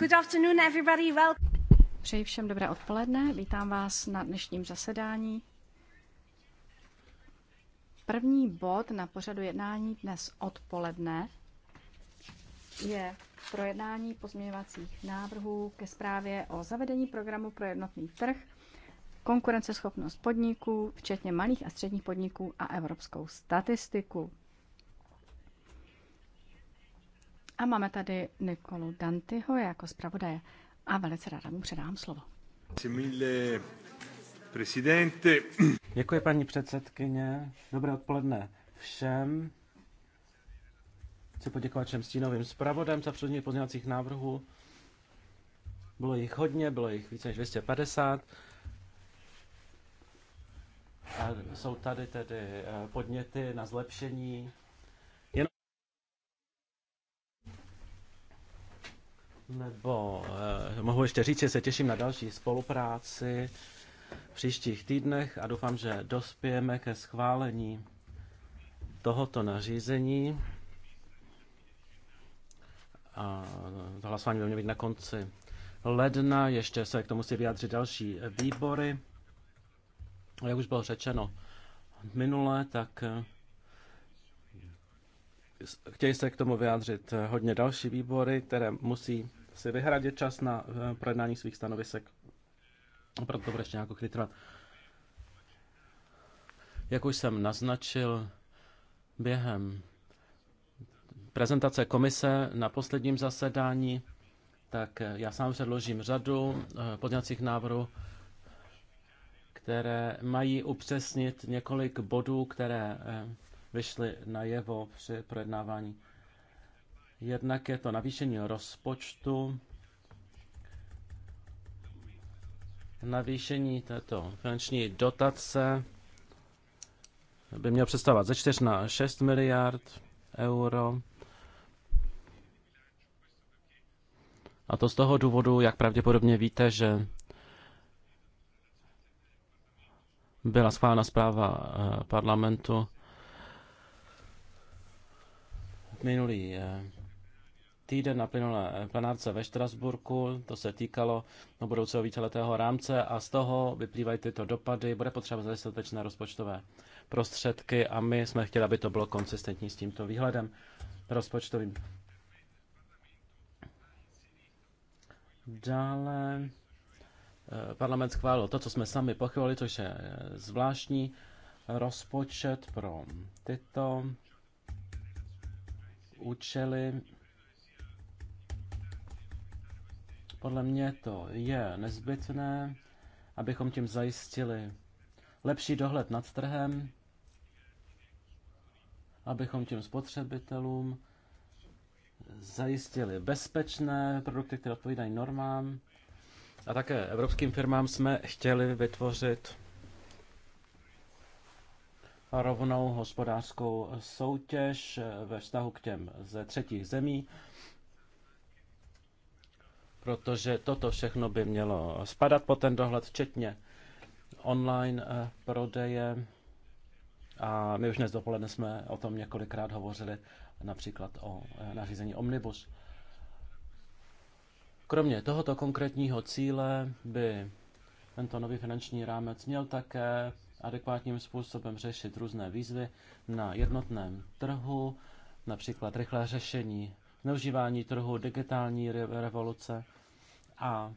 Good afternoon, everybody. Welcome. Přeji všem dobré odpoledne. Vítám vás na dnešním zasedání. První bod na pořadu jednání dnes odpoledne je projednání pozměňovacích návrhů ke zprávě o zavedení programu pro jednotný trh, konkurenceschopnost podniků, včetně malých a středních podniků a evropskou statistiku. A máme tady Nikolu Dantyho jako zpravodaje a velice ráda mu předám slovo. Děkuji, paní předsedkyně. Dobré odpoledne všem. Chci poděkovat všem stínovým zpravodem za předmět pozměňovacích návrhů. Bylo jich hodně, bylo jich více než 250. A jsou tady tedy eh, podněty na zlepšení nebo eh, mohu ještě říct, že se těším na další spolupráci v příštích týdnech a doufám, že dospějeme ke schválení tohoto nařízení. A to hlasování by mělo být na konci ledna. Ještě se k tomu musí vyjádřit další výbory. A jak už bylo řečeno minule, tak eh, chtějí se k tomu vyjádřit hodně další výbory, které musí si vyhradit čas na eh, projednání svých stanovisek. Proto bude ještě chvíli trvat. Jak už jsem naznačil během prezentace komise na posledním zasedání, tak eh, já sám předložím řadu eh, podněcích návrhů, které mají upřesnit několik bodů, které vyšly najevo při projednávání Jednak je to navýšení rozpočtu, navýšení této finanční dotace by mělo představovat ze 4 na 6 miliard euro. A to z toho důvodu, jak pravděpodobně víte, že byla schválena zpráva eh, parlamentu minulý eh, týden na plynulé plenárce ve Štrasburku, to se týkalo no, budoucího víceletého rámce a z toho vyplývají tyto dopady, bude potřeba dostatečné rozpočtové prostředky a my jsme chtěli, aby to bylo konsistentní s tímto výhledem rozpočtovým. Dále eh, parlament schválil to, co jsme sami pochválili, což je eh, zvláštní rozpočet pro tyto účely Podle mě to je nezbytné, abychom tím zajistili lepší dohled nad trhem, abychom tím spotřebitelům zajistili bezpečné produkty, které odpovídají normám. A také evropským firmám jsme chtěli vytvořit rovnou hospodářskou soutěž ve vztahu k těm ze třetích zemí protože toto všechno by mělo spadat pod ten dohled, včetně online eh, prodeje. A my už dnes dopoledne jsme o tom několikrát hovořili, například o eh, nařízení Omnibus. Kromě tohoto konkrétního cíle by tento nový finanční rámec měl také adekvátním způsobem řešit různé výzvy na jednotném trhu, například rychlé řešení zneužívání trhu, digitální revoluce a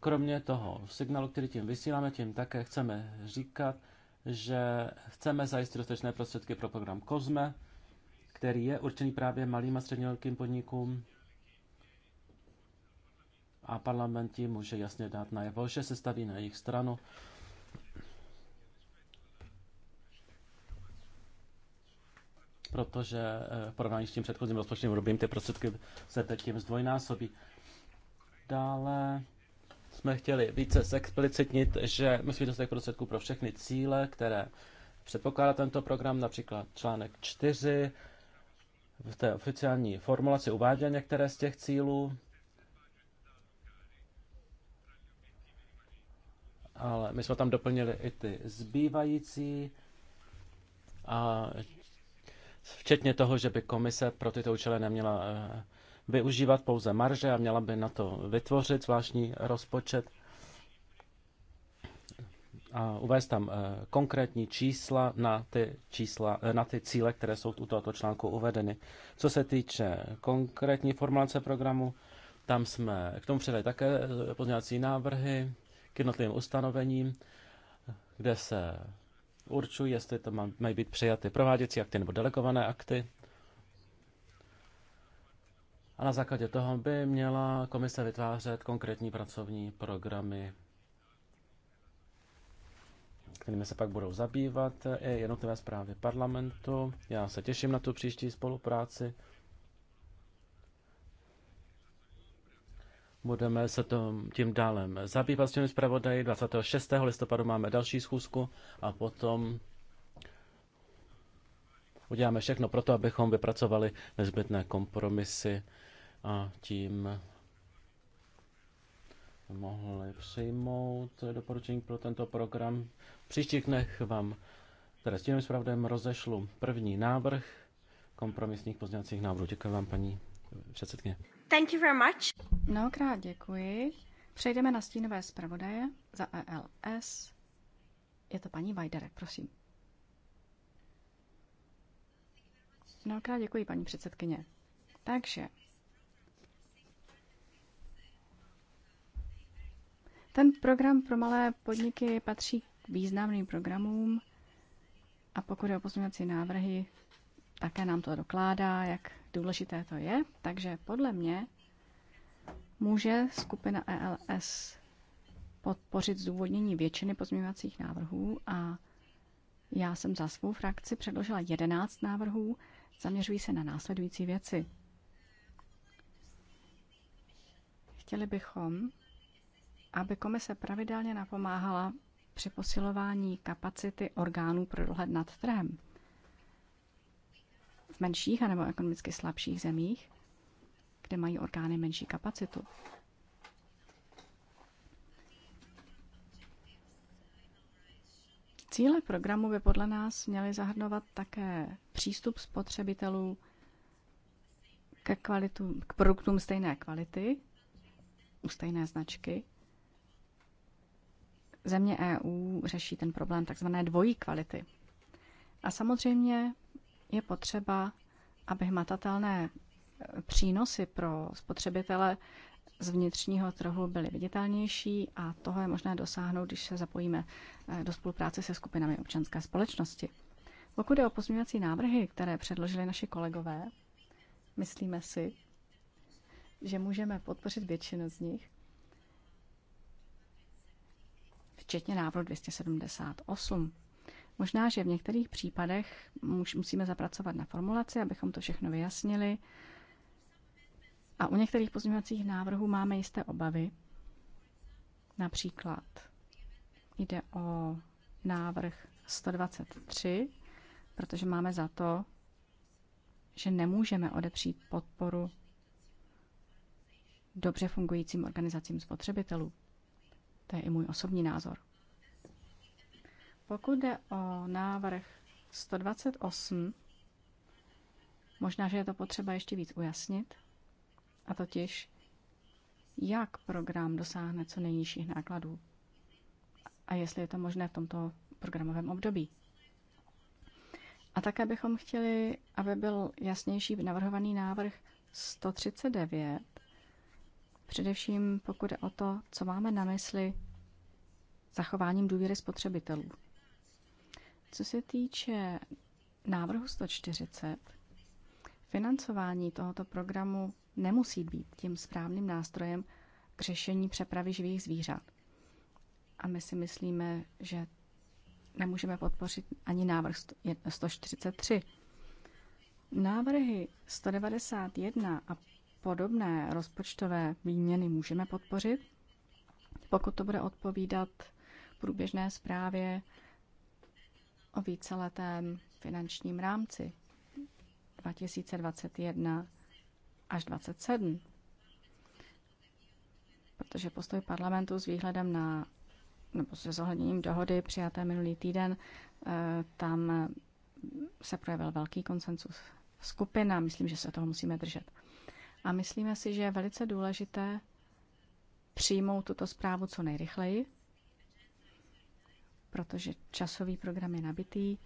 kromě toho signálu, který tím vysíláme, tím také chceme říkat, že chceme zajistit dostatečné prostředky pro program COSME, který je určený právě malým a středně velkým podnikům. A parlament tím může jasně dát najevo, že se staví na jejich stranu. protože eh, v porovnání s tím předchozím rozpočtovým obdobím ty prostředky se teď tím zdvojnásobí. Dále jsme chtěli více explicitnit, že musí dostatek prostředků pro všechny cíle, které předpokládá tento program, například článek 4. V té oficiální formulaci uváděl některé z těch cílů, ale my jsme tam doplnili i ty zbývající a včetně toho, že by komise pro tyto účely neměla eh, využívat pouze marže a měla by na to vytvořit zvláštní rozpočet a uvést tam eh, konkrétní čísla na ty, čísla eh, na ty cíle, které jsou u tohoto článku uvedeny. Co se týče konkrétní formulace programu, tam jsme k tomu přidali také pozměňovací návrhy k jednotlivým ustanovením, kde se určují, jestli to mají být přijaty prováděcí akty nebo delegované akty. A na základě toho by měla komise vytvářet konkrétní pracovní programy, kterými se pak budou zabývat i jednotlivé zprávy parlamentu. Já se těším na tu příští spolupráci. Budeme se tom, tím dále zabývat s těmi zpravodaji. 26. listopadu máme další schůzku a potom uděláme všechno pro to, abychom vypracovali nezbytné kompromisy a tím mohli přijmout doporučení pro tento program. V příštích dnech vám teda s tím zpravodajem rozešlu první návrh kompromisních pozměňovacích návrhů. Děkuji vám, paní předsedkyně. Thank you very much. Mnohokrát děkuji. Přejdeme na stínové zpravodaje za ELS. Je to paní Vajdere, prosím. Mnohokrát děkuji, paní předsedkyně. Takže Ten program pro malé podniky patří k významným programům a pokud je o pozměňovací návrhy, také nám to dokládá, jak důležité to je. Takže podle mě může skupina ELS podpořit zdůvodnění většiny pozměňovacích návrhů a já jsem za svou frakci předložila 11 návrhů, zaměřují se na následující věci. Chtěli bychom, aby komise pravidelně napomáhala při posilování kapacity orgánů pro dohled nad trhem v menších anebo ekonomicky slabších zemích, kde mají orgány menší kapacitu. Cíle programu by podle nás měly zahrnovat také přístup spotřebitelů ke kvalitu, k produktům stejné kvality, u stejné značky. Země EU řeší ten problém takzvané dvojí kvality. A samozřejmě je potřeba, aby hmatatelné eh, přínosy pro spotřebitele z vnitřního trhu byly viditelnější a toho je možné dosáhnout, když se zapojíme eh, do spolupráce se skupinami občanské společnosti. Pokud je o pozměňovací návrhy, které předložili naši kolegové, myslíme si, že můžeme podpořit většinu z nich, včetně návrhu 278. Možná, že v některých případech musíme zapracovat na formulaci, abychom to všechno vyjasnili. A u některých pozměňovacích návrhů máme jisté obavy. Například jde o návrh 123, protože máme za to, že nemůžeme odepřít podporu dobře fungujícím organizacím spotřebitelů. To je i můj osobní názor. Pokud jde o návrh 128, možná, že je to potřeba ještě víc ujasnit, a totiž, jak program dosáhne co nejnižších nákladů a jestli je to možné v tomto programovém období. A také bychom chtěli, aby byl jasnější navrhovaný návrh 139, především pokud je o to, co máme na mysli zachováním důvěry spotřebitelů. Co se týče návrhu 140, financování tohoto programu nemusí být tím správným nástrojem k řešení přepravy živých zvířat. A my si myslíme, že nemůžeme podpořit ani návrh 143. Návrhy 191 a podobné rozpočtové výměny můžeme podpořit, pokud to bude odpovídat průběžné zprávě o víceletém finančním rámci 2021 až 27, protože postoj parlamentu s výhledem na nebo se zohledněním dohody přijaté minulý týden, eh, tam se projevil velký konsensus skupin a myslím, že se toho musíme držet. A myslíme si, že je velice důležité přijmout tuto zprávu co nejrychleji, protože časový program je nabitý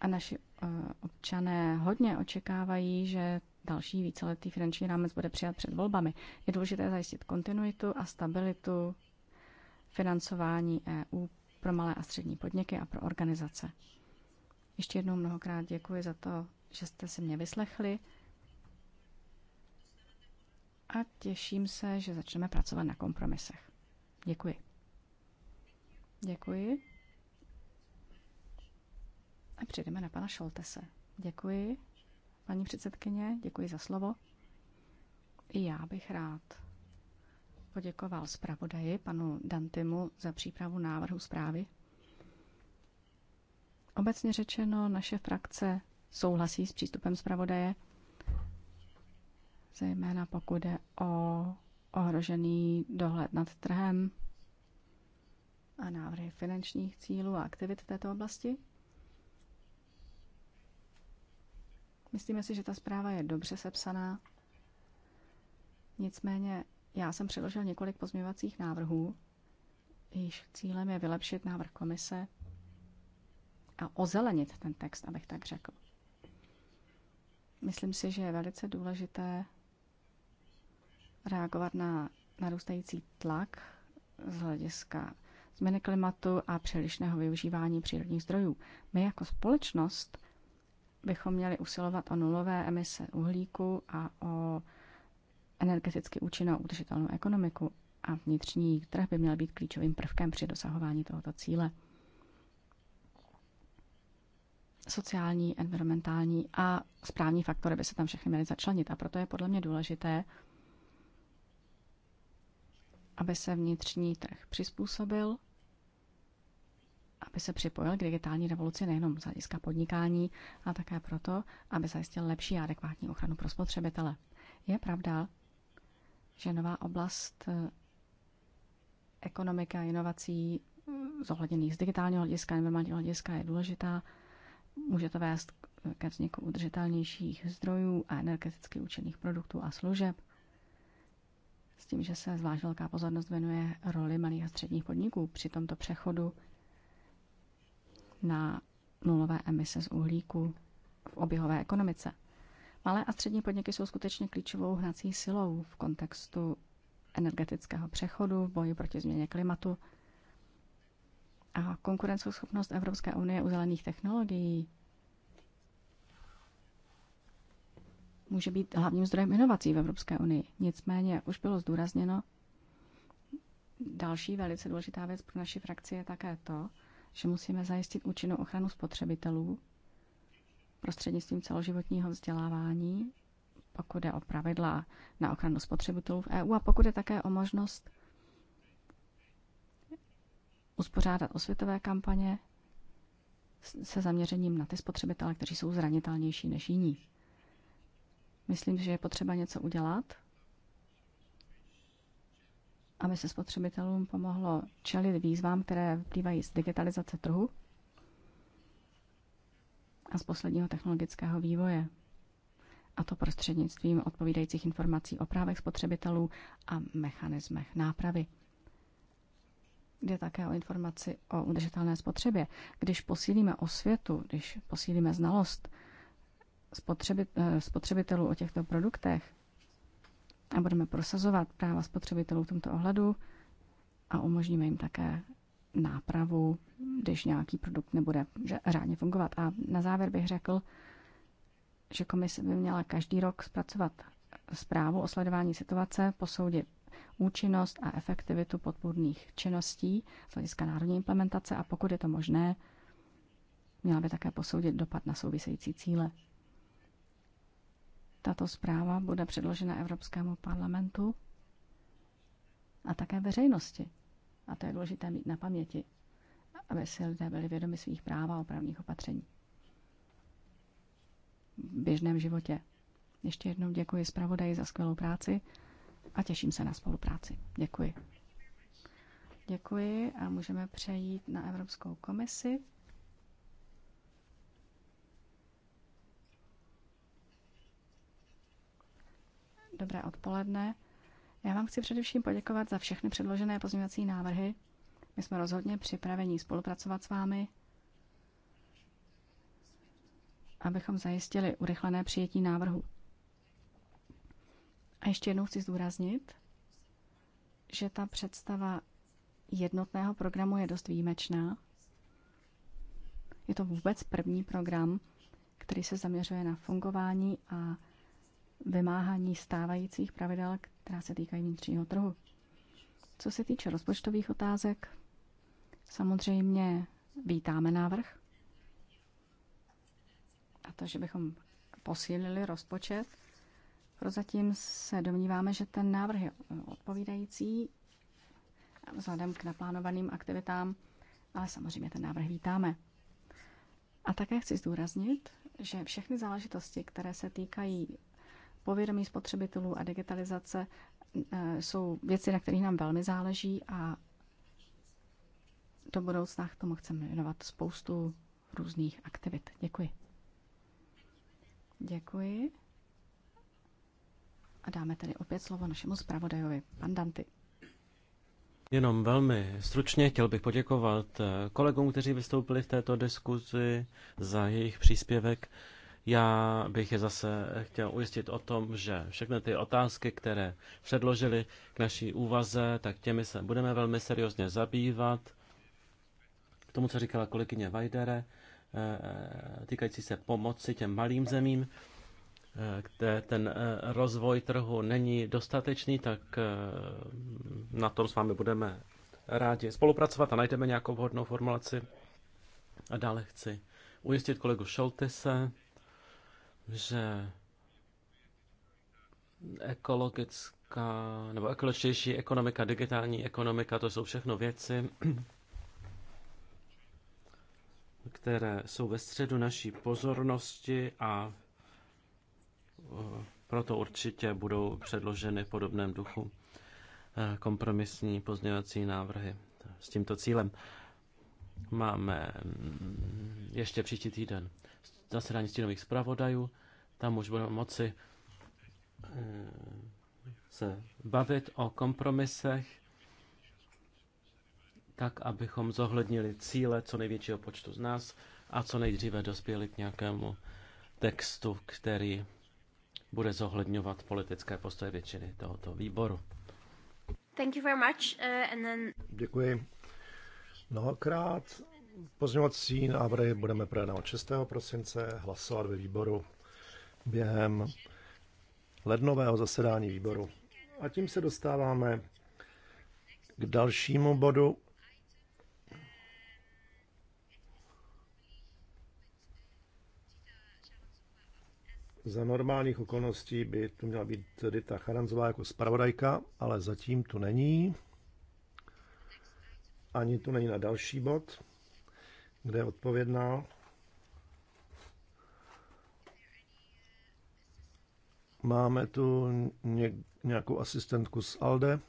a naši eh, občané hodně očekávají, že další víceletý finanční rámec bude přijat před volbami. Je důležité zajistit kontinuitu a stabilitu financování EU pro malé a střední podniky a pro organizace. Ještě jednou mnohokrát děkuji za to, že jste se mě vyslechli a těším se, že začneme pracovat na kompromisech. Děkuji. Děkuji. A přejdeme na pana Šoltese. Děkuji, paní předsedkyně, děkuji za slovo. I já bych rád poděkoval zpravodaji panu Dantimu za přípravu návrhu zprávy. Obecně řečeno, naše frakce souhlasí s přístupem zpravodaje, zejména pokud je o ohrožený dohled nad trhem, a návrhy finančních cílů a aktivit v této oblasti. Myslíme si, že ta zpráva je dobře sepsaná. Nicméně já jsem předložil několik pozměvacích návrhů, jejichž cílem je vylepšit návrh komise a ozelenit ten text, abych tak řekl. Myslím si, že je velice důležité reagovat na narůstající tlak z hlediska změny klimatu a přílišného využívání přírodních zdrojů. My jako společnost bychom měli usilovat o nulové emise uhlíku a o energeticky účinnou udržitelnou ekonomiku a vnitřní trh by měl být klíčovým prvkem při dosahování tohoto cíle. Sociální, environmentální a správní faktory by se tam všechny měly začlenit a proto je podle mě důležité, aby se vnitřní trh přizpůsobil, aby se připojil k digitální revoluci nejenom z hlediska podnikání, a také proto, aby zajistil lepší a adekvátní ochranu pro spotřebitele. Je pravda, že nová oblast eh, ekonomika inovací mm, zohledněných z digitálního hlediska, environmentálního hlediska je důležitá. Může to vést ke vzniku udržitelnějších zdrojů a energeticky účinných produktů a služeb – s tím, že se zvlášť velká pozornost věnuje roli malých a středních podniků při tomto přechodu na nulové emise z uhlíku v oběhové ekonomice. Malé a střední podniky jsou skutečně klíčovou hnací silou v kontextu energetického přechodu, v boji proti změně klimatu. A konkurenceschopnost Evropské unie u zelených technologií může být hlavním zdrojem inovací v Evropské unii. Nicméně, jak už bylo zdůrazněno, další velice důležitá věc pro naši frakci je také to, že musíme zajistit účinnou ochranu spotřebitelů prostřednictvím celoživotního vzdělávání, pokud jde o pravidla na ochranu spotřebitelů v EU a pokud je také o možnost uspořádat osvětové kampaně se zaměřením na ty spotřebitele, kteří jsou zranitelnější než jiní. Myslím, že je potřeba něco udělat, aby se spotřebitelům pomohlo čelit výzvám, které vyplývají z digitalizace trhu a z posledního technologického vývoje. A to prostřednictvím odpovídajících informací o právech spotřebitelů a mechanismech nápravy. Jde také o informaci o udržitelné spotřebě. Když posílíme osvětu, když posílíme znalost, Eh, spotřebitelů o těchto produktech a budeme prosazovat práva spotřebitelů v tomto ohledu a umožníme jim také nápravu, když nějaký produkt nebude řádně fungovat. A na závěr bych řekl, že komise by měla každý rok zpracovat zprávu o sledování situace, posoudit účinnost a efektivitu podpůrných činností z hlediska národní implementace a pokud je to možné, měla by také posoudit dopad na související cíle. Tato zpráva bude předložena Evropskému parlamentu a také veřejnosti. A to je důležité mít na paměti, aby si lidé byli vědomi svých práv a opravných opatření. V běžném životě. Ještě jednou děkuji zpravodaji za skvělou práci a těším se na spolupráci. Děkuji. Děkuji a můžeme přejít na Evropskou komisi. dobré odpoledne. Já vám chci především poděkovat za všechny předložené pozměňovací návrhy. My jsme rozhodně připraveni spolupracovat s vámi, abychom zajistili urychlené přijetí návrhu. A ještě jednou chci zdůraznit, že ta představa jednotného programu je dost výjimečná. Je to vůbec první program, který se zaměřuje na fungování a vymáhání stávajících pravidel, která se týkají vnitřního trhu. Co se týče rozpočtových otázek, samozřejmě vítáme návrh a to, že bychom posílili rozpočet. Prozatím se domníváme, že ten návrh je odpovídající vzhledem k naplánovaným aktivitám, ale samozřejmě ten návrh vítáme. A také chci zdůraznit, že všechny záležitosti, které se týkají povědomí spotřebitelů a digitalizace eh, jsou věci, na kterých nám velmi záleží a do budoucna k tomu chceme věnovat spoustu různých aktivit. Děkuji. Děkuji. A dáme tedy opět slovo našemu zpravodajovi, pan Danty. Jenom velmi stručně chtěl bych poděkovat eh, kolegům, kteří vystoupili v této diskuzi za jejich příspěvek. Já bych je zase chtěl ujistit o tom, že všechny ty otázky, které předložili k naší úvaze, tak těmi se budeme velmi seriózně zabývat. K tomu, co říkala kolegyně Vajdere, eh, týkající se pomoci těm malým zemím, eh, kde ten eh, rozvoj trhu není dostatečný, tak na tom s vámi budeme rádi spolupracovat a najdeme nějakou vhodnou formulaci. A dále chci ujistit kolegu Šoltese, že ekologická nebo ekologičtější ekonomika, digitální ekonomika, to jsou všechno věci, které jsou ve středu naší pozornosti a eh, proto určitě budou předloženy v podobném duchu eh, kompromisní pozměňovací návrhy s tímto cílem. Máme mm, ještě příští týden zasedání stínových zpravodajů. Tam už budeme moci eh, se bavit o kompromisech, tak abychom zohlednili cíle co největšího počtu z nás a co nejdříve dospěli k nějakému textu, který bude zohledňovat politické postoje většiny tohoto výboru. Thank you very much. Uh, and then... Děkuji mnohokrát Pozměňovací návrhy budeme projednávat 6. prosince, hlasovat ve výboru během lednového zasedání výboru. A tím se dostáváme k dalšímu bodu. Za normálních okolností by tu měla být Dita Charanzová jako zpravodajka, ale zatím tu není. Ani tu není na další bod kde je odpovědná. Máme tu nějakou asistentku z ALDE.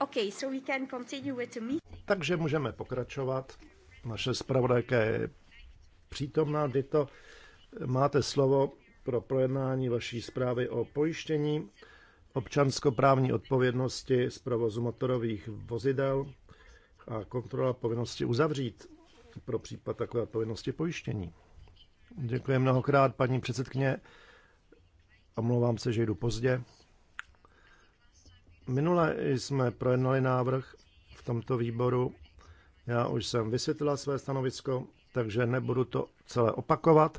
Okay, so we can continue with the meeting. Takže můžeme pokračovat. Naše zpravodajka je přítomná. Dito, máte slovo pro projednání vaší zprávy o pojištění občanskoprávní odpovědnosti z provozu motorových vozidel a kontrola povinnosti uzavřít pro případ takové odpovědnosti pojištění. Děkuji mnohokrát, paní předsedkyně. Omlouvám se, že jdu pozdě. Minule jsme projednali návrh v tomto výboru. Já už jsem vysvětlila své stanovisko, takže nebudu to celé opakovat.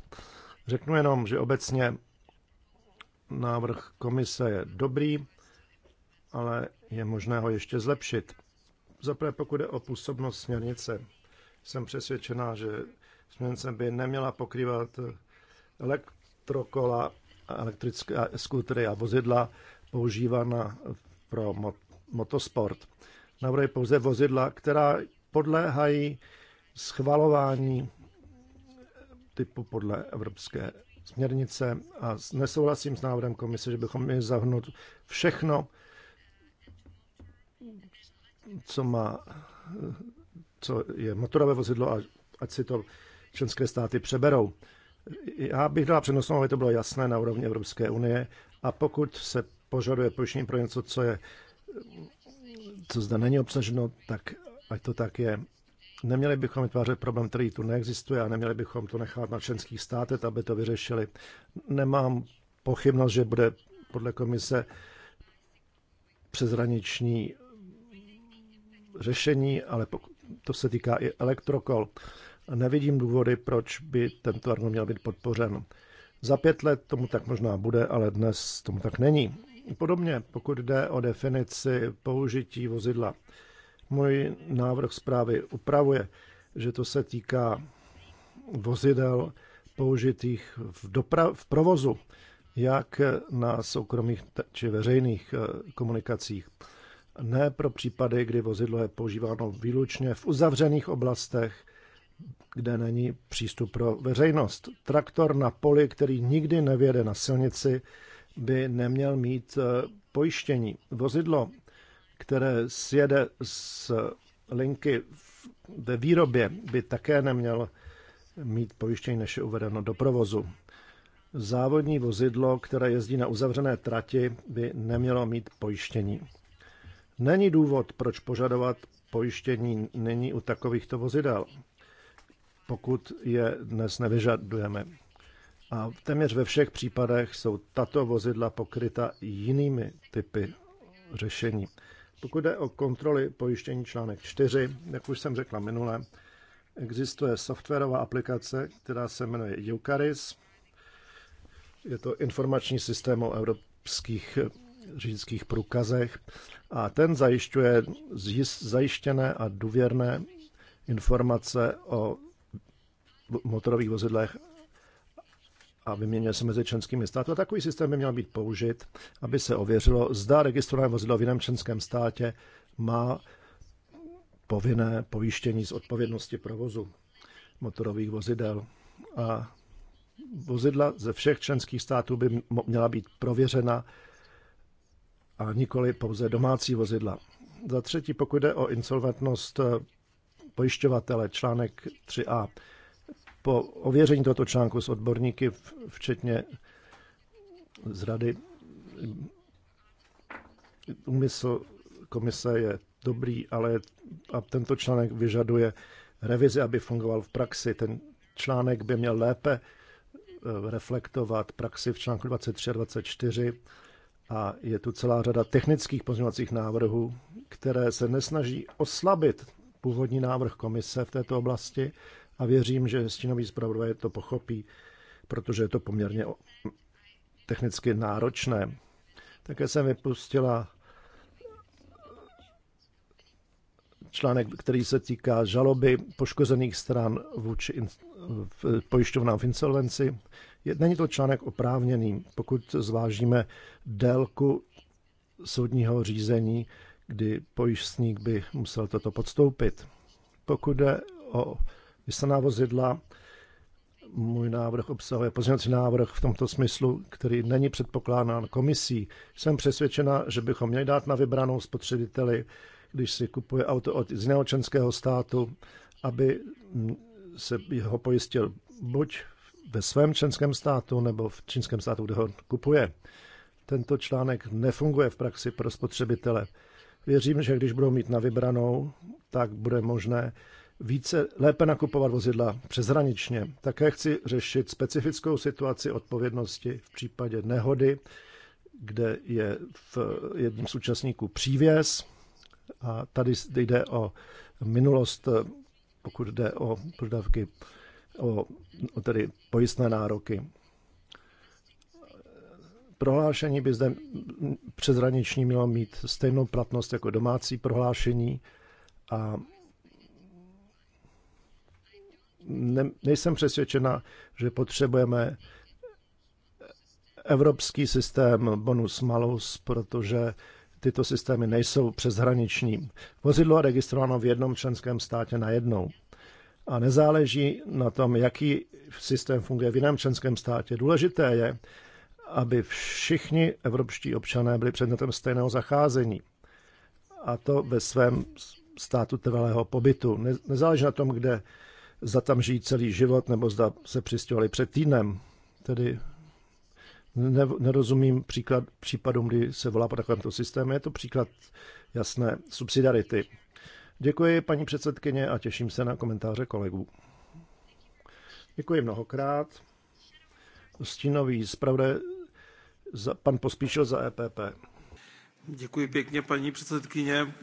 Řeknu jenom, že obecně návrh komise je dobrý, ale je možné ho ještě zlepšit. Zaprvé pokud je o působnost směrnice, jsem přesvědčená, že směrnice by neměla pokrývat elektrokola, elektrické eh, skutery a vozidla používaná v pro mot- motosport. Navrhuje pouze vozidla, která podléhají schvalování typu podle evropské směrnice a nesouhlasím s návrhem komise, že bychom měli zahrnout všechno, co má, co je motorové vozidlo a ať si to členské státy přeberou. Já bych dala přednostnou, aby to bylo jasné na úrovni Evropské unie a pokud se požaduje pojištění pro něco, co je co zde není obsaženo, tak ať to tak je. Neměli bychom vytvářet problém, který tu neexistuje a neměli bychom to nechat na členských státech, aby to vyřešili. Nemám pochybnost, že bude podle komise přezraniční řešení, ale to se týká i elektrokol. Nevidím důvody, proč by tento argument měl být podpořen. Za pět let tomu tak možná bude, ale dnes tomu tak není. Podobně, pokud jde o definici použití vozidla, můj návrh zprávy upravuje, že to se týká vozidel použitých v, dopra- v provozu, jak na soukromých či veřejných eh, komunikacích. Ne pro případy, kdy vozidlo je používáno výlučně v uzavřených oblastech, kde není přístup pro veřejnost. Traktor na poli, který nikdy nevěde na silnici, by neměl mít eh, pojištění. Vozidlo, které sjede z linky ve výrobě, by také neměl mít pojištění, než je uvedeno do provozu. Závodní vozidlo, které jezdí na uzavřené trati, by nemělo mít pojištění. Není důvod, proč požadovat pojištění není u takovýchto vozidel, pokud je dnes nevyžadujeme. A téměř ve všech případech jsou tato vozidla pokryta jinými typy řešení. Pokud jde o kontroly pojištění článek 4, jak už jsem řekla minule, existuje softwarová aplikace, která se jmenuje Eucaris. Je to informační systém o evropských řidičských průkazech a ten zajišťuje zajištěné a důvěrné informace o motorových vozidlech a vyměňuje se mezi členskými státy. A takový systém by měl být použit, aby se ověřilo, zda registrované vozidlo v jiném členském státě má povinné pojištění z odpovědnosti provozu motorových vozidel. A vozidla ze všech členských států by měla být prověřena a nikoli pouze domácí vozidla. Za třetí, pokud jde o insolventnost eh, pojišťovatele, článek 3a, po ověření tohoto článku s odborníky, včetně z rady, úmysl komise je dobrý, ale a tento článek vyžaduje revizi, aby fungoval v praxi. Ten článek by měl lépe eh, reflektovat praxi v článku 23 a 24 a je tu celá řada technických pozměňovacích návrhů, které se nesnaží oslabit původní návrh komise v této oblasti, a věřím, že stínový zpravodaj to pochopí, protože je to poměrně technicky náročné. Také jsem vypustila článek, který se týká žaloby poškozených stran vůči in, v, pojišťovnám v insolvenci. Je, není to článek oprávněný, pokud zvážíme délku soudního řízení, kdy pojišťovník by musel toto podstoupit. Pokud jde o vystaná vozidla. Můj návrh obsahuje pozměňovací návrh v tomto smyslu, který není předpokládán komisí. Jsem přesvědčena, že bychom měli dát na vybranou spotřebiteli, když si kupuje auto od z jiného členského státu, aby mm, se ho pojistil buď ve svém členském státu nebo v čínském státu, kde ho kupuje. Tento článek nefunguje v praxi pro spotřebitele. Věřím, že když budou mít na vybranou, tak bude možné více lépe nakupovat vozidla přeshraničně. Také chci řešit specifickou situaci odpovědnosti v případě nehody, kde je v jedním z účastníků přívěz. A tady jde o minulost, pokud jde o prodavky, o, o tedy pojistné nároky. Prohlášení by zde přeshraniční mělo mít stejnou platnost jako domácí prohlášení a ne, nejsem přesvědčena, že potřebujeme evropský systém bonus malus, protože tyto systémy nejsou přeshraniční. Vozidlo je registrováno v jednom členském státě na jednou. A nezáleží na tom, jaký systém funguje v jiném členském státě. Důležité je, aby všichni evropští občané byli předmětem stejného zacházení. A to ve svém státu trvalého pobytu. Nezáleží na tom, kde zda tam žijí celý život, nebo zda se přistěhovali před týdnem. Tedy ne, nerozumím příklad případům, kdy se volá po takovémto systému. Je to příklad jasné subsidiarity. Děkuji, paní předsedkyně, a těším se na komentáře kolegů. Děkuji mnohokrát. Stínový zpravodaj pan Pospíšil za EPP. Děkuji pěkně, paní předsedkyně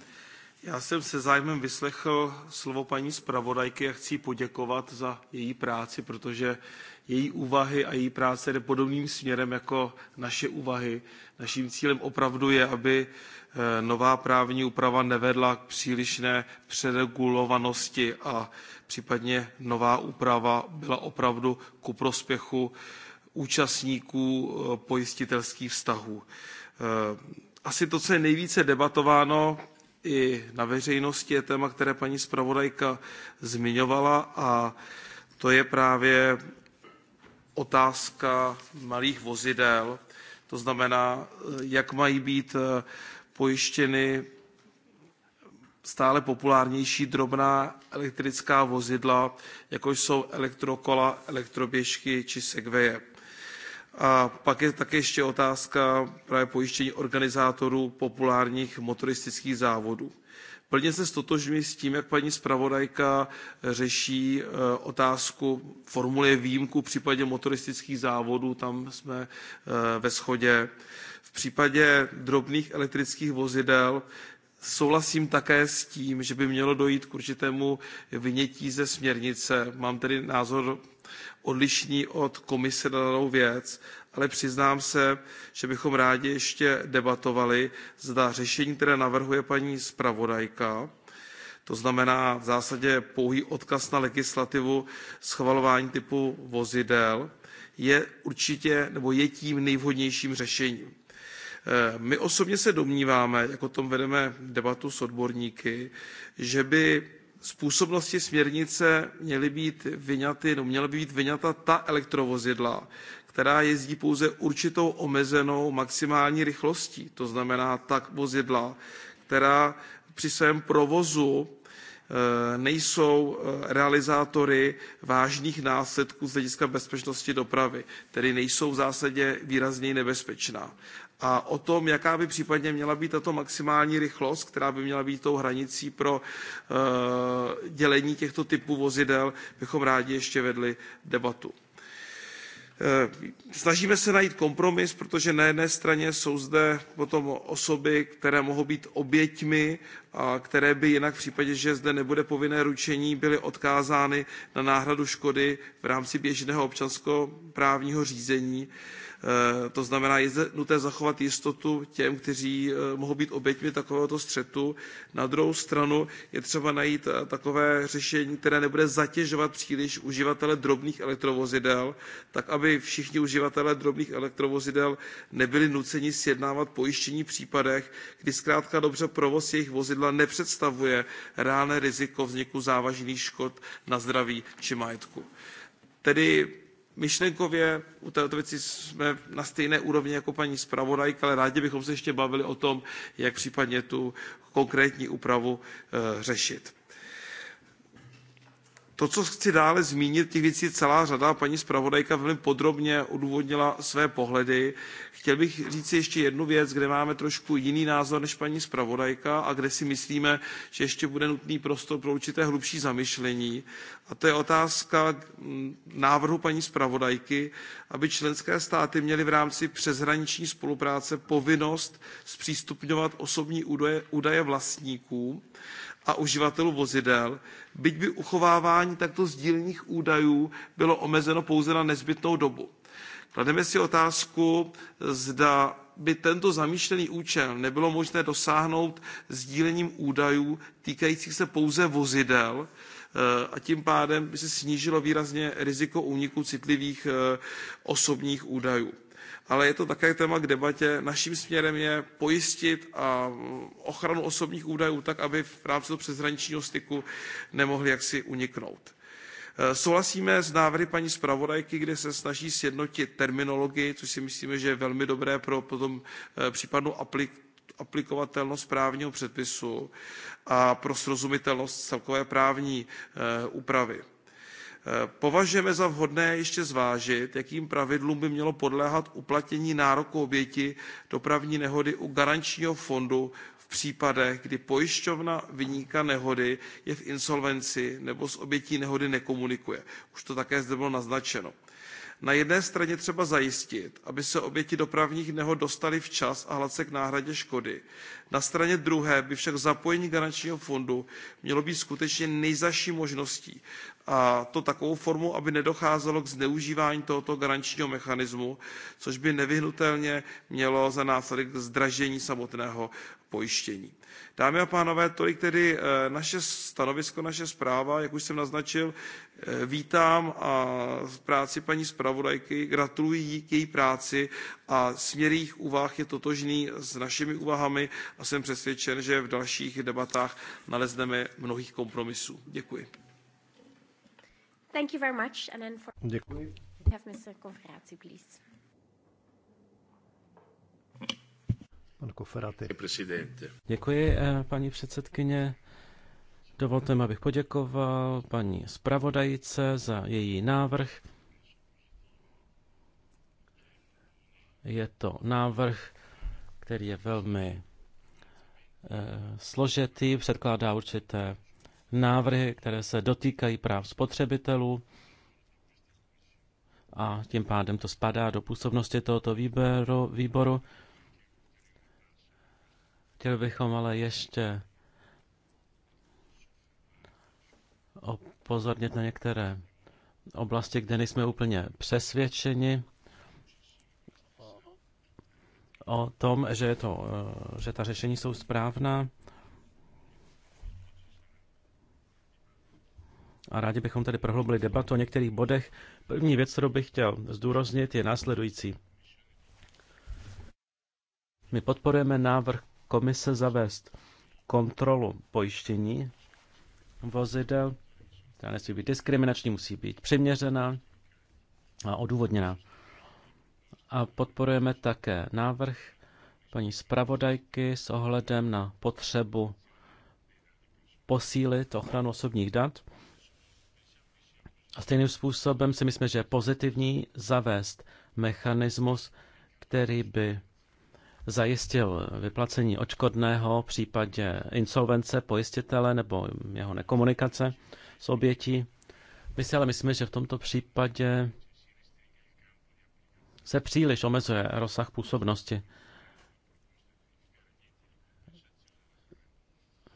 já jsem se zájmem vyslechl slovo paní zpravodajky a chci poděkovat za její práci, protože její úvahy a její práce jde podobným směrem jako naše úvahy. Naším cílem opravdu je, aby eh, nová právní úprava nevedla k přílišné přeregulovanosti a případně nová úprava byla opravdu ku prospěchu eh, účastníků eh, pojistitelských vztahů. Asi to, co je nejvíce debatováno, i na veřejnosti je téma, které paní zpravodajka zmiňovala a to je právě otázka malých vozidel. To znamená, jak mají být eh, pojištěny stále populárnější drobná elektrická vozidla, jako jsou elektrokola, elektroběžky či segwaye a pak je také ještě otázka právě pojištění organizátorů populárních motoristických závodů. Plně se stotožňuji s tím, jak paní zpravodajka řeší eh, otázku, formuluje výjimku v případě motoristických závodů, tam jsme eh, ve shodě. V případě drobných elektrických vozidel Souhlasím také s tím, že by mělo dojít k určitému vynětí ze směrnice. Mám tedy názor odlišní od komise na danou věc ale přiznám se že bychom rádi ještě debatovali zda řešení které navrhuje paní zpravodajka to znamená v zásadě pouhý odkaz na legislativu schvalování typu vozidel je určitě nebo je tím nejvhodnějším řešením. Eh, my osobně se domníváme jak o tom vedeme debatu s odborníky že by z působnosti směrnice měly být vyňaty, no, měla by být vyňata ta elektrovozidla, která jezdí pouze určitou omezenou maximální rychlostí. To znamená tak vozidla, která při svém provozu eh, nejsou eh, realizátory vážných následků z hlediska bezpečnosti dopravy, tedy nejsou v zásadě výrazněji nebezpečná a o tom, jaká by případně měla být tato maximální rychlost, která by měla být tou hranicí pro e, dělení těchto typů vozidel, bychom rádi ještě vedli debatu. Eh, snažíme se najít kompromis, protože na jedné straně jsou zde potom osoby, které mohou být oběťmi a které by jinak v případě, že zde nebude povinné ručení, byly odkázány na náhradu škody v rámci běžného občanskoprávního řízení. právního řízení Eh, to znamená, je nutné zachovat jistotu těm, kteří eh, mohou být oběťmi takovéhoto střetu. Na druhou stranu je třeba najít eh, takové řešení, které nebude zatěžovat příliš uživatele drobných elektrovozidel, tak aby všichni uživatelé drobných elektrovozidel nebyli nuceni sjednávat pojištění v případech, kdy zkrátka dobře provoz jejich vozidla nepředstavuje reálné riziko vzniku závažných škod na zdraví či majetku. Tedy myšlenkově u této věci jsme na stejné úrovni jako paní zpravodajka ale rádi bychom se ještě bavili o tom jak případně tu konkrétní úpravu eh, řešit. To, co chci dále zmínit, těch věcí je celá řada. Paní zpravodajka velmi podrobně odůvodnila své pohledy. Chtěl bych říci ještě jednu věc, kde máme trošku jiný názor než paní zpravodajka a kde si myslíme, že ještě bude nutný prostor pro určité hlubší zamyšlení. A to je otázka mm, návrhu paní zpravodajky, aby členské státy měly v rámci přeshraniční spolupráce povinnost zpřístupňovat osobní údaje, údaje vlastníků a uživatelů vozidel, byť by uchovávání takto sdílených údajů bylo omezeno pouze na nezbytnou dobu. Klademe si otázku, zda by tento zamýšlený účel nebylo možné dosáhnout sdílením údajů týkajících se pouze vozidel eh, a tím pádem by se snížilo výrazně riziko úniku citlivých eh, osobních údajů ale je to také téma k debatě. Naším směrem je pojistit a ochranu osobních údajů tak, aby v rámci toho přeshraničního styku nemohli jaksi uniknout. E, souhlasíme s návrhy paní zpravodajky, kde se snaží sjednotit terminologii, což si myslíme, že je velmi dobré pro potom e, případnou aplikovatelnost právního předpisu a pro srozumitelnost celkové právní e, úpravy. E, Považujeme za vhodné ještě zvážit, jakým pravidlům by mělo podléhat uplatnění nároku oběti dopravní nehody u garančního fondu v případech, kdy pojišťovna vyníka nehody je v insolvenci nebo s obětí nehody nekomunikuje. Už to také zde bylo naznačeno. Na jedné straně třeba zajistit, aby se oběti dopravních nehod dostaly včas a hladce k náhradě škody. Na straně druhé by však zapojení garančního fondu mělo být skutečně nejzaší možností a to takovou formou, aby nedocházelo k zneužívání tohoto garančního mechanismu, což by nevyhnutelně mělo za následek zdražení samotného pojištění. Dámy a pánové, tolik tedy eh, naše stanovisko, naše zpráva, jak už jsem naznačil, eh, vítám a práci paní zpravodajky, gratuluji jí k její práci a směr jejích úvah je totožný s našimi úvahami a jsem přesvědčen, že v dalších debatách nalezneme mnohých kompromisů. Děkuji. Thank you very much. And then for... Děkuji. Have Mr. Konferáci, please. Pan Koferaty. Děkuji, eh, paní předsedkyně. Dovolte mi, abych poděkoval paní zpravodajice za její návrh. Je to návrh, který je velmi eh, složitý, předkládá určité návrhy, které se dotýkají práv spotřebitelů a tím pádem to spadá do působnosti tohoto výboru. výboru. Chtěli bychom ale ještě opozornit na některé oblasti, kde nejsme úplně přesvědčeni o tom, že, je to, eh, že ta řešení jsou správná. a rádi bychom tady prohloubili debatu o některých bodech. První věc, kterou bych chtěl zdůraznit, je následující. My podporujeme návrh komise zavést kontrolu pojištění vozidel, která nesmí být diskriminační, musí být přiměřená a odůvodněná. A podporujeme také návrh paní zpravodajky s ohledem na potřebu posílit ochranu osobních dat a stejným způsobem si myslíme, že je pozitivní zavést mechanismus, který by zajistil vyplacení očkodného v případě insolvence pojistitele nebo jeho nekomunikace s obětí. My si ale myslíme, že v tomto případě se příliš omezuje rozsah působnosti.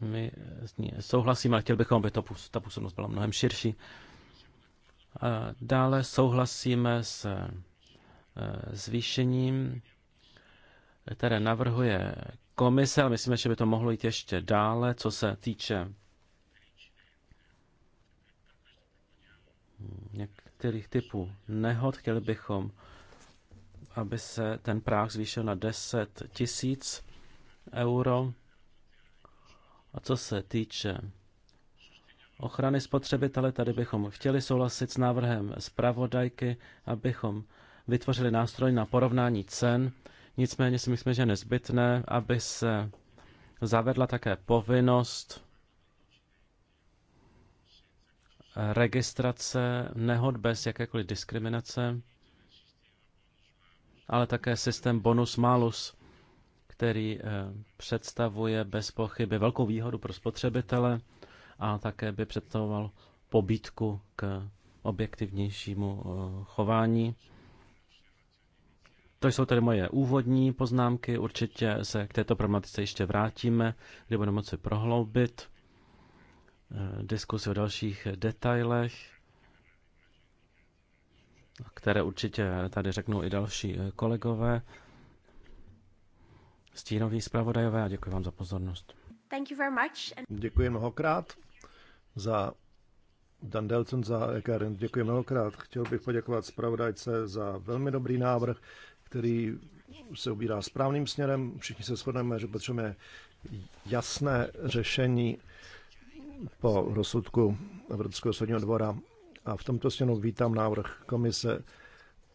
My s ní souhlasíme, ale chtěl bychom, aby to, ta působnost byla mnohem širší. Dále souhlasíme s eh, zvýšením, které navrhuje komise, ale myslíme, že by to mohlo jít ještě dále, co se týče některých typů nehod. Chtěli bychom, aby se ten práh zvýšil na 10 tisíc euro. A co se týče ochrany spotřebitele. Tady bychom chtěli souhlasit s návrhem zpravodajky, abychom vytvořili nástroj na porovnání cen. Nicméně si myslíme, že je nezbytné, aby se zavedla také povinnost registrace nehod bez jakékoliv diskriminace, ale také systém bonus-malus, který eh, představuje bez pochyby velkou výhodu pro spotřebitele a také by představoval pobítku k objektivnějšímu eh, chování. To jsou tedy moje úvodní poznámky. Určitě se k této problematice ještě vrátíme, kdy budeme moci prohloubit eh, diskusi o dalších detailech, které určitě tady řeknou i další eh, kolegové, stínoví zpravodajové a děkuji vám za pozornost. Děkuji mnohokrát za Dan Delton za EKRN. Děkuji mnohokrát. Chtěl bych poděkovat zpravodajce za velmi dobrý návrh, který se ubírá správným směrem. Všichni se shodneme, že potřebujeme jasné řešení po rozsudku Evropského soudního dvora. A v tomto směru vítám návrh komise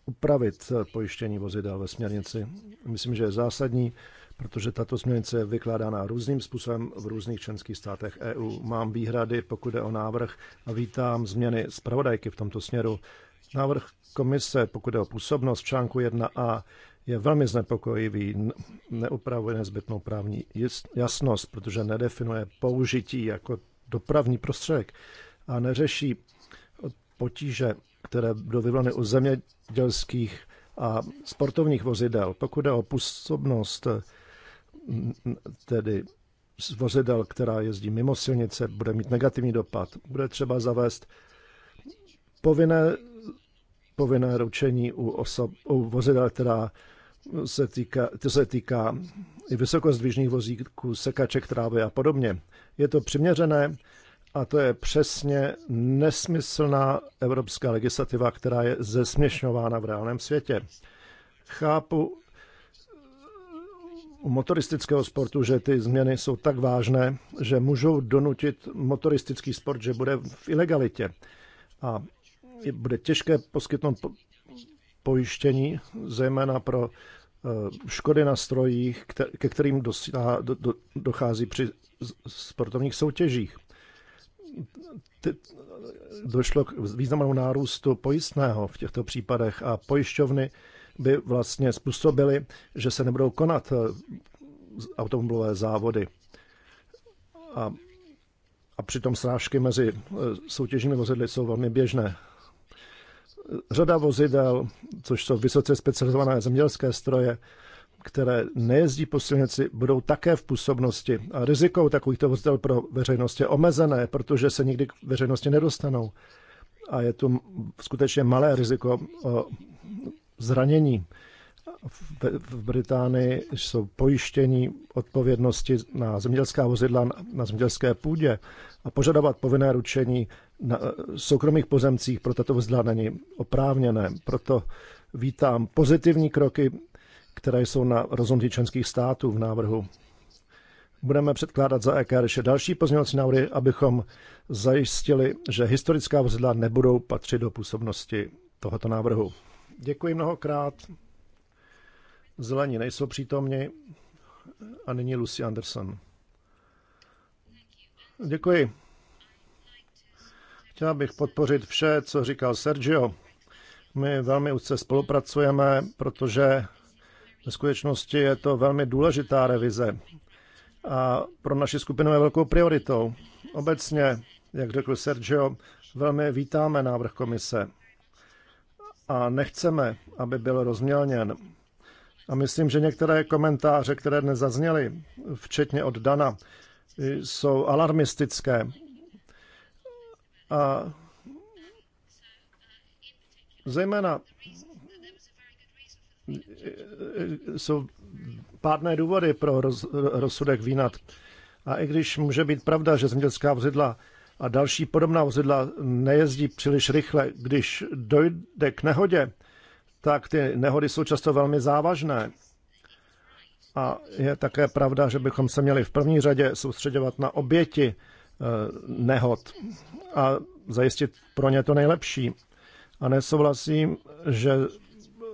upravit pojištění vozidel ve směrnici. Myslím, že je zásadní, protože tato směrnice je vykládána různým způsobem v různých členských státech EU. Mám výhrady, pokud jde o návrh a vítám změny zpravodajky v tomto směru. Návrh komise, pokud jde o působnost článku 1a, je velmi znepokojivý, neupravuje nezbytnou právní jasnost, protože nedefinuje použití jako dopravní prostředek a neřeší potíže, které budou vyvolány u zemědělských a sportovních vozidel. Pokud jde o působnost, tedy z vozidel, která jezdí mimo silnice, bude mít negativní dopad. Bude třeba zavést povinné, povinné ručení u, osob, u vozidel, která se týká, to se týká i dvižných vozíků, sekaček trávy a podobně. Je to přiměřené a to je přesně nesmyslná evropská legislativa, která je zesměšňována v reálném světě. Chápu, u motoristického sportu, že ty změny jsou tak vážné, že můžou donutit motoristický sport, že bude v ilegalitě. A bude těžké poskytnout pojištění, zejména pro eh, škody na strojích, ke kterým dochází při sportovních soutěžích. Došlo k významnému nárůstu pojistného v těchto případech a pojišťovny by vlastně způsobili, že se nebudou konat eh, automobilové závody. A, a přitom srážky mezi eh, soutěžními vozidly jsou velmi běžné. Řada vozidel, což jsou vysoce specializované zemědělské stroje, které nejezdí po silnici, budou také v působnosti. A riziko takovýchto vozidel pro veřejnost je omezené, protože se nikdy k veřejnosti nedostanou. A je tu skutečně malé riziko eh, zranění. V Británii jsou pojištění odpovědnosti na zemědělská vozidla na zemědělské půdě a požadovat povinné ručení na eh, soukromých pozemcích pro tato vozidla není oprávněné. Proto vítám pozitivní kroky, které jsou na rozhodnutí členských států v návrhu budeme předkládat za EKR ještě další pozměňovací návrhy, abychom zajistili, že historická vozidla nebudou patřit do působnosti tohoto návrhu. Děkuji mnohokrát. Zelení nejsou přítomni. A nyní Lucy Anderson. Děkuji. Chtěl bych podpořit vše, co říkal Sergio. My velmi úzce spolupracujeme, protože ve skutečnosti je to velmi důležitá revize a pro naši skupinu je velkou prioritou. Obecně, jak řekl Sergio, velmi vítáme návrh komise a nechceme, aby byl rozmělněn. A myslím, že některé komentáře, které dnes zazněly, včetně od Dana, jsou alarmistické. A zejména jsou pádné důvody pro roz, rozsudek výnat. A i když může být pravda, že zemědělská vozidla a další podobná vozidla nejezdí příliš rychle. Když dojde k nehodě, tak ty nehody jsou často velmi závažné. A je také pravda, že bychom se měli v první řadě soustředovat na oběti eh, nehod a zajistit pro ně to nejlepší. A nesouhlasím, že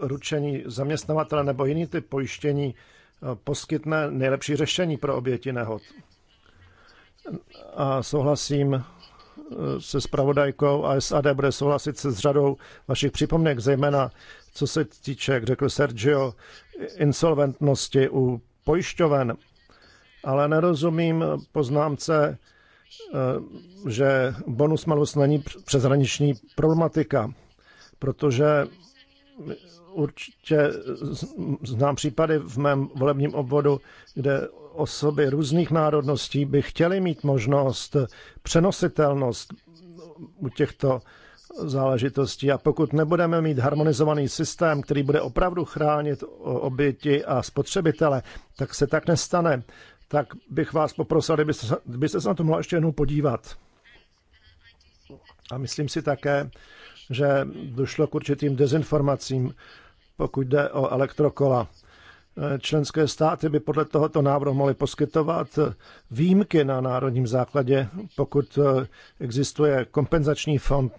ručení zaměstnavatele nebo jiný typ pojištění eh, poskytne nejlepší řešení pro oběti nehod a souhlasím eh, se spravodajkou a SAD bude souhlasit se s řadou vašich připomněk, zejména co se týče, jak řekl Sergio, insolventnosti u pojišťoven. Ale nerozumím poznámce, eh, že bonus malus není přeshraniční problematika, protože určitě znám případy v mém volebním obvodu, kde osoby různých národností by chtěly mít možnost přenositelnost u těchto záležitostí. A pokud nebudeme mít harmonizovaný systém, který bude opravdu chránit oběti a spotřebitele, tak se tak nestane. Tak bych vás poprosil, kdybyste, se na to mohla ještě jednou podívat. A myslím si také, že došlo k určitým dezinformacím, pokud jde o elektrokola. Členské státy by podle tohoto návrhu mohly poskytovat výjimky na národním základě, pokud eh, existuje kompenzační fond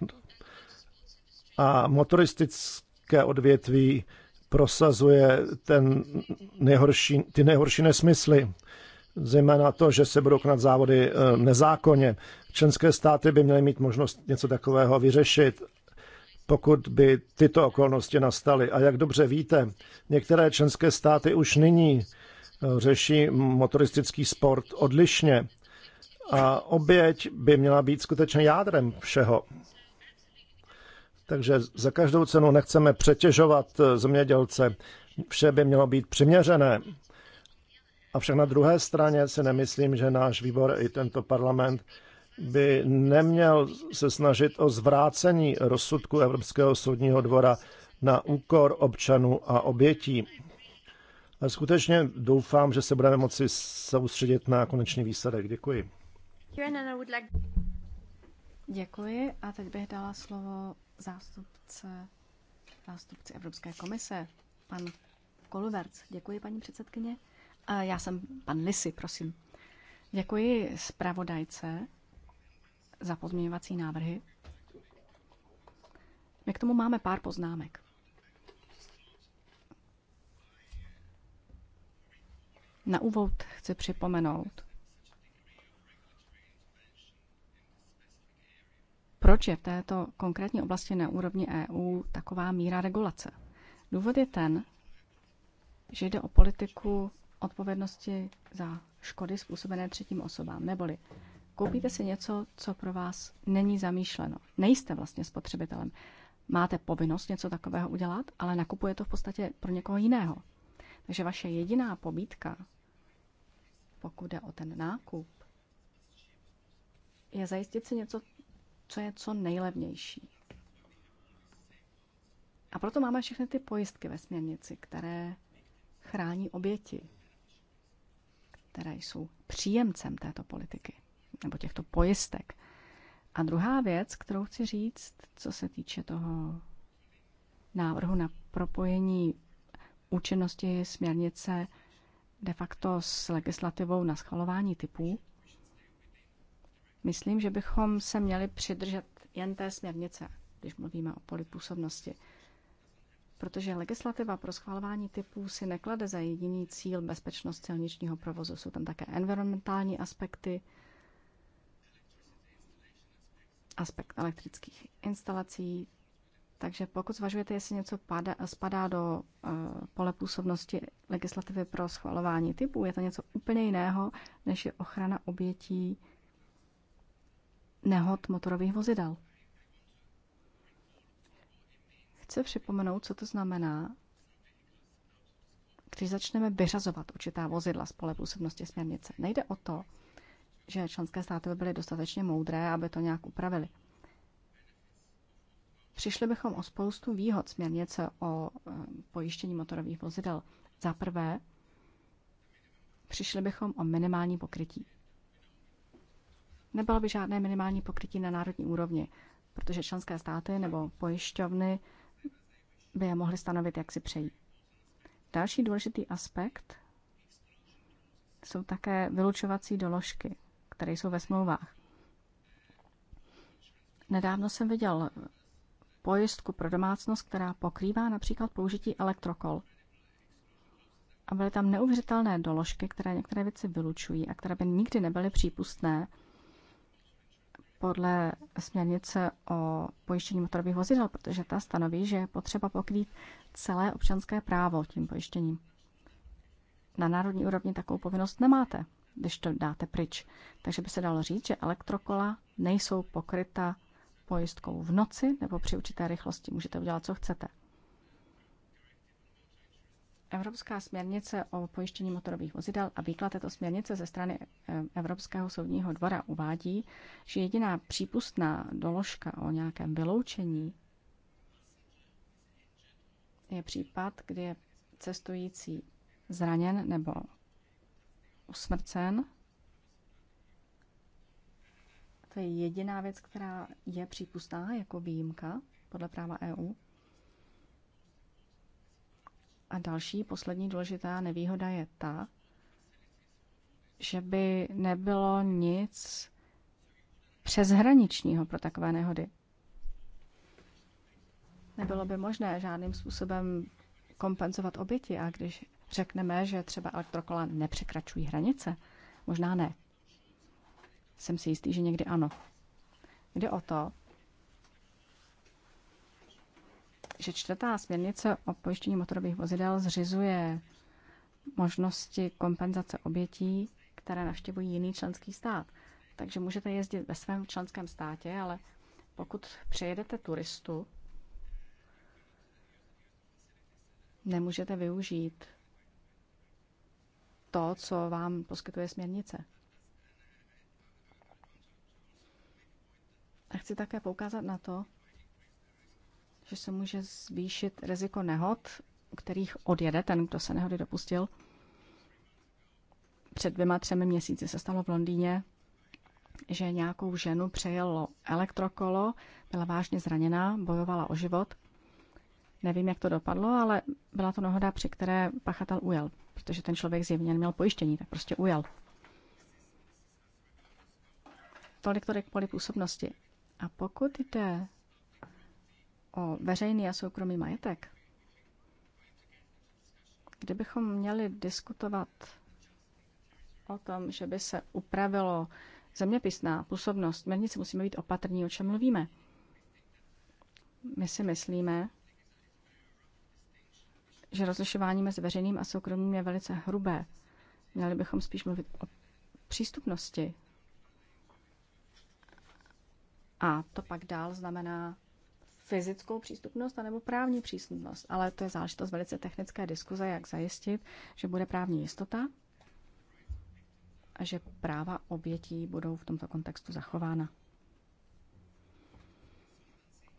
a motoristické odvětví prosazuje ten nejhorší, ty nejhorší nesmysly. Zejména to, že se budou konat závody eh, nezákonně. Členské státy by měly mít možnost něco takového vyřešit pokud by tyto okolnosti nastaly. A jak dobře víte, některé členské státy už nyní eh, řeší motoristický sport odlišně a oběť by měla být skutečně jádrem všeho. Takže za každou cenu nechceme přetěžovat eh, zemědělce. Vše by mělo být přiměřené. Avšak na druhé straně si nemyslím, že náš výbor i tento parlament by neměl se snažit o zvrácení rozsudku Evropského soudního dvora na úkor občanů a obětí. A skutečně doufám, že se budeme moci soustředit na konečný výsledek. Děkuji. Děkuji a teď bych dala slovo zástupce, zástupci Evropské komise, pan Koluverc. Děkuji, paní předsedkyně. A já jsem pan Lisy, prosím. Děkuji zpravodajce za pozměňovací návrhy. My k tomu máme pár poznámek. Na úvod chci připomenout, proč je v této konkrétní oblasti na úrovni EU taková míra regulace. Důvod je ten, že jde o politiku odpovědnosti za škody způsobené třetím osobám, neboli Koupíte si něco, co pro vás není zamýšleno. Nejste vlastně spotřebitelem. Máte povinnost něco takového udělat, ale nakupuje to v podstatě pro někoho jiného. Takže vaše jediná pobídka, pokud jde o ten nákup, je zajistit si něco, co je co nejlevnější. A proto máme všechny ty pojistky ve směrnici, které chrání oběti, které jsou příjemcem této politiky nebo těchto pojistek. A druhá věc, kterou chci říct, co se týče toho návrhu na propojení účinnosti směrnice de facto s legislativou na schvalování typů, myslím, že bychom se měli přidržet jen té směrnice, když mluvíme o polipůsobnosti. Protože legislativa pro schvalování typů si neklade za jediný cíl bezpečnost silničního provozu. Jsou tam také environmentální aspekty, aspekt elektrických instalací. Takže pokud zvažujete, jestli něco pada, spadá do uh, pole působnosti legislativy pro schvalování typů, je to něco úplně jiného, než je ochrana obětí nehod motorových vozidel. Chci připomenout, co to znamená, když začneme vyřazovat určitá vozidla z pole působnosti směrnice. Nejde o to, že členské státy by byly dostatečně moudré, aby to nějak upravili. Přišli bychom o spoustu výhod směrnice o e, pojištění motorových vozidel. Za prvé, přišli bychom o minimální pokrytí. Nebylo by žádné minimální pokrytí na národní úrovni, protože členské státy nebo pojišťovny by je mohly stanovit, jak si přejí. Další důležitý aspekt jsou také vylučovací doložky které jsou ve smlouvách. Nedávno jsem viděl pojistku pro domácnost, která pokrývá například použití elektrokol. A byly tam neuvěřitelné doložky, které některé věci vylučují a které by nikdy nebyly přípustné podle směrnice o pojištění motorových vozidel, protože ta stanoví, že je potřeba pokrýt celé občanské právo tím pojištěním. Na národní úrovni takovou povinnost nemáte když to dáte pryč. Takže by se dalo říct, že elektrokola nejsou pokryta pojistkou v noci nebo při určité rychlosti. Můžete udělat, co chcete. Evropská směrnice o pojištění motorových vozidel a výklad této směrnice ze strany eh, Evropského soudního dvora uvádí, že jediná přípustná doložka o nějakém vyloučení je případ, kdy je cestující zraněn nebo usmrcen. To je jediná věc, která je přípustná jako výjimka podle práva EU. A další, poslední důležitá nevýhoda je ta, že by nebylo nic přeshraničního pro takové nehody. Nebylo by možné žádným způsobem kompenzovat oběti a když řekneme, že třeba elektrokola nepřekračují hranice? Možná ne. Jsem si jistý, že někdy ano. Jde o to, že čtvrtá směrnice o pojištění motorových vozidel zřizuje možnosti kompenzace obětí, které navštěvují jiný členský stát. Takže můžete jezdit ve svém členském státě, ale pokud přejedete turistu, nemůžete využít to, co vám poskytuje směrnice. A chci také poukázat na to, že se může zvýšit riziko nehod, u kterých odjede ten, kdo se nehody dopustil. Před dvěma, třemi měsíci se stalo v Londýně, že nějakou ženu přejelo elektrokolo, byla vážně zraněná, bojovala o život. Nevím, jak to dopadlo, ale byla to nehoda, při které pachatel ujel protože ten člověk zjevně neměl pojištění, tak prostě ujel. Tolik tolik poli působnosti. A pokud jde o veřejný a soukromý majetek, kdybychom měli diskutovat o tom, že by se upravilo zeměpisná působnost se musíme být opatrní, o čem mluvíme. My si myslíme, že rozlišování mezi veřejným a soukromým je velice hrubé. Měli bychom spíš mluvit o přístupnosti. A to pak dál znamená fyzickou přístupnost anebo právní přístupnost. Ale to je záležitost velice technické diskuze, jak zajistit, že bude právní jistota a že práva obětí budou v tomto kontextu zachována.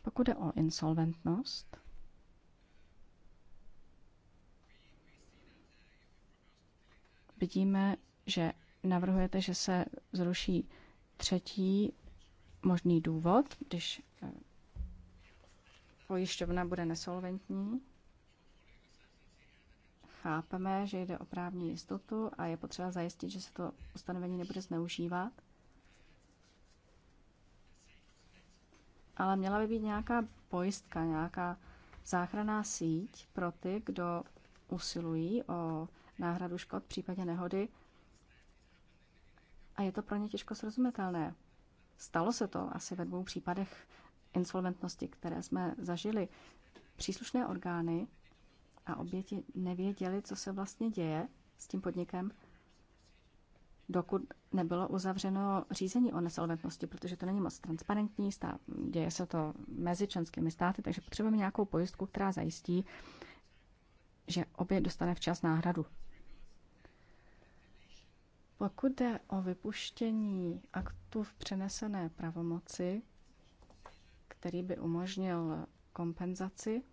Pokud jde o insolventnost, vidíme, že navrhujete, že se zruší třetí možný důvod, když eh, pojišťovna bude nesolventní. Chápeme, že jde o právní jistotu a je potřeba zajistit, že se to ustanovení nebude zneužívat. Ale měla by být nějaká pojistka, nějaká záchranná síť pro ty, kdo usilují o náhradu škod v případě nehody. A je to pro ně těžko srozumitelné. Stalo se to asi ve dvou případech insolventnosti, které jsme zažili. Příslušné orgány a oběti nevěděli, co se vlastně děje s tím podnikem, dokud nebylo uzavřeno řízení o nesolventnosti, protože to není moc transparentní, stát, děje se to mezi členskými státy, takže potřebujeme nějakou pojistku, která zajistí, že obě dostane včas náhradu. Pokud jde o vypuštění aktu v přenesené pravomoci, který by umožnil kompenzaci,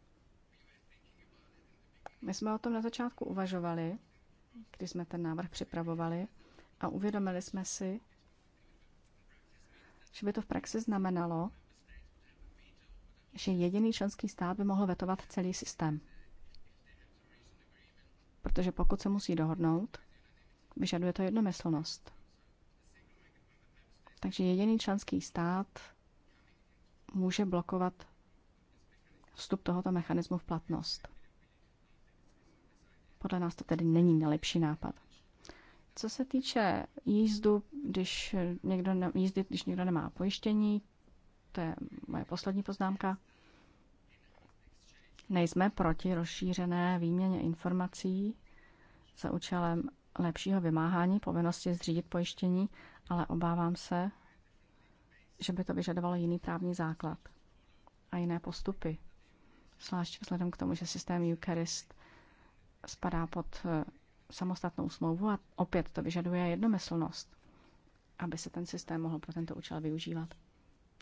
my jsme o tom na začátku uvažovali, když jsme ten návrh připravovali, a uvědomili jsme si, že by to v praxi znamenalo, že jediný členský stát by mohl vetovat celý systém. Protože pokud se musí dohodnout, Vyžaduje to jednomyslnost. Takže jediný členský stát může blokovat vstup tohoto mechanismu v platnost. Podle nás to tedy není nejlepší nápad. Co se týče jízdu, když někdo ne, jízdy, když někdo nemá pojištění, to je moje poslední poznámka. Nejsme proti rozšířené výměně informací za účelem lepšího vymáhání povinnosti zřídit pojištění, ale obávám se, že by to vyžadovalo jiný právní základ a jiné postupy. Zvlášť vzhledem k tomu, že systém Eucharist spadá pod eh, samostatnou smlouvu a opět to vyžaduje jednomyslnost, aby se ten systém mohl pro tento účel využívat.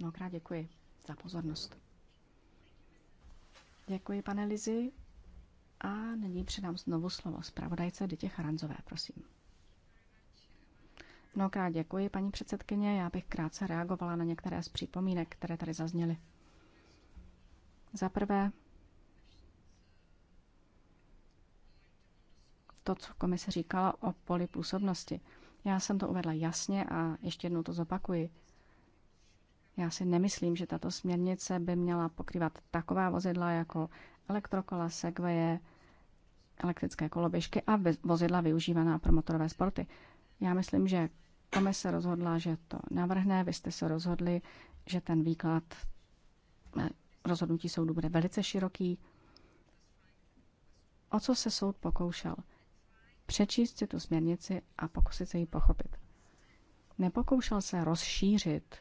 Mnohokrát děkuji za pozornost. Děkuji, pane Lizi. A nyní předám znovu slovo zpravodajce Dětě Charanzové, prosím. Mnohokrát děkuji, paní předsedkyně. Já bych krátce reagovala na některé z připomínek, které tady zazněly. Za prvé, to, co komise říkala o poli působnosti. Já jsem to uvedla jasně a ještě jednou to zopakuji. Já si nemyslím, že tato směrnice by měla pokrývat taková vozidla jako elektrokola, segveje, elektrické koloběžky a vozidla využívaná pro motorové sporty. Já myslím, že komise rozhodla, že to navrhne, vy jste se rozhodli, že ten výklad eh, rozhodnutí soudu bude velice široký. O co se soud pokoušel? Přečíst si tu směrnici a pokusit se ji pochopit. Nepokoušel se rozšířit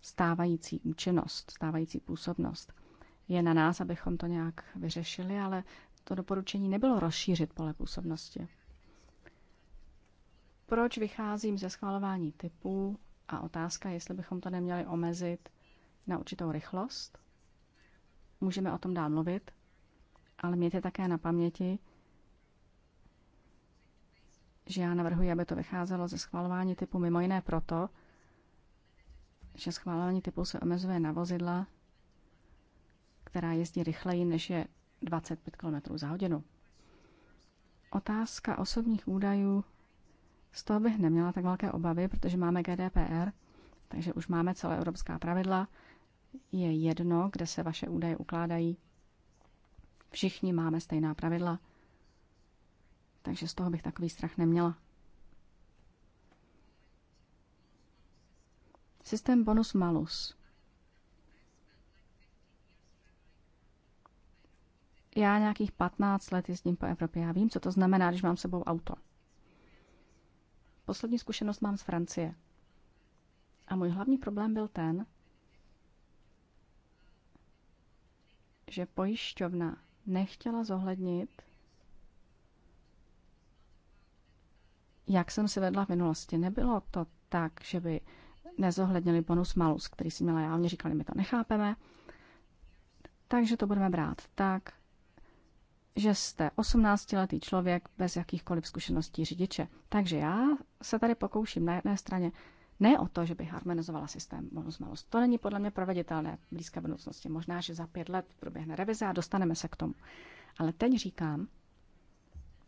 stávající účinnost, stávající působnost – je na nás, abychom to nějak vyřešili, ale to doporučení nebylo rozšířit pole působnosti. Proč vycházím ze schvalování typů a otázka, jestli bychom to neměli omezit na určitou rychlost? Můžeme o tom dál mluvit, ale mějte také na paměti, že já navrhuji, aby to vycházelo ze schvalování typu mimo jiné proto, že schválování typu se omezuje na vozidla, která jezdí rychleji než je 25 km za hodinu. Otázka osobních údajů, z toho bych neměla tak velké obavy, protože máme GDPR, takže už máme celé evropská pravidla. Je jedno, kde se vaše údaje ukládají. Všichni máme stejná pravidla, takže z toho bych takový strach neměla. Systém bonus-malus. Já nějakých 15 let jezdím po Evropě. Já vím, co to znamená, když mám sebou auto. Poslední zkušenost mám z Francie. A můj hlavní problém byl ten, že pojišťovna nechtěla zohlednit, jak jsem si vedla v minulosti. Nebylo to tak, že by nezohlednili bonus malus, který si měla já. Oni říkali, my to nechápeme, takže to budeme brát tak, že jste 18-letý člověk bez jakýchkoliv zkušeností řidiče. Takže já se tady pokouším na jedné straně ne o to, že by harmonizovala systém bonus malus. To není podle mě proveditelné v blízké budoucnosti. Možná, že za pět let proběhne revize a dostaneme se k tomu. Ale teď říkám,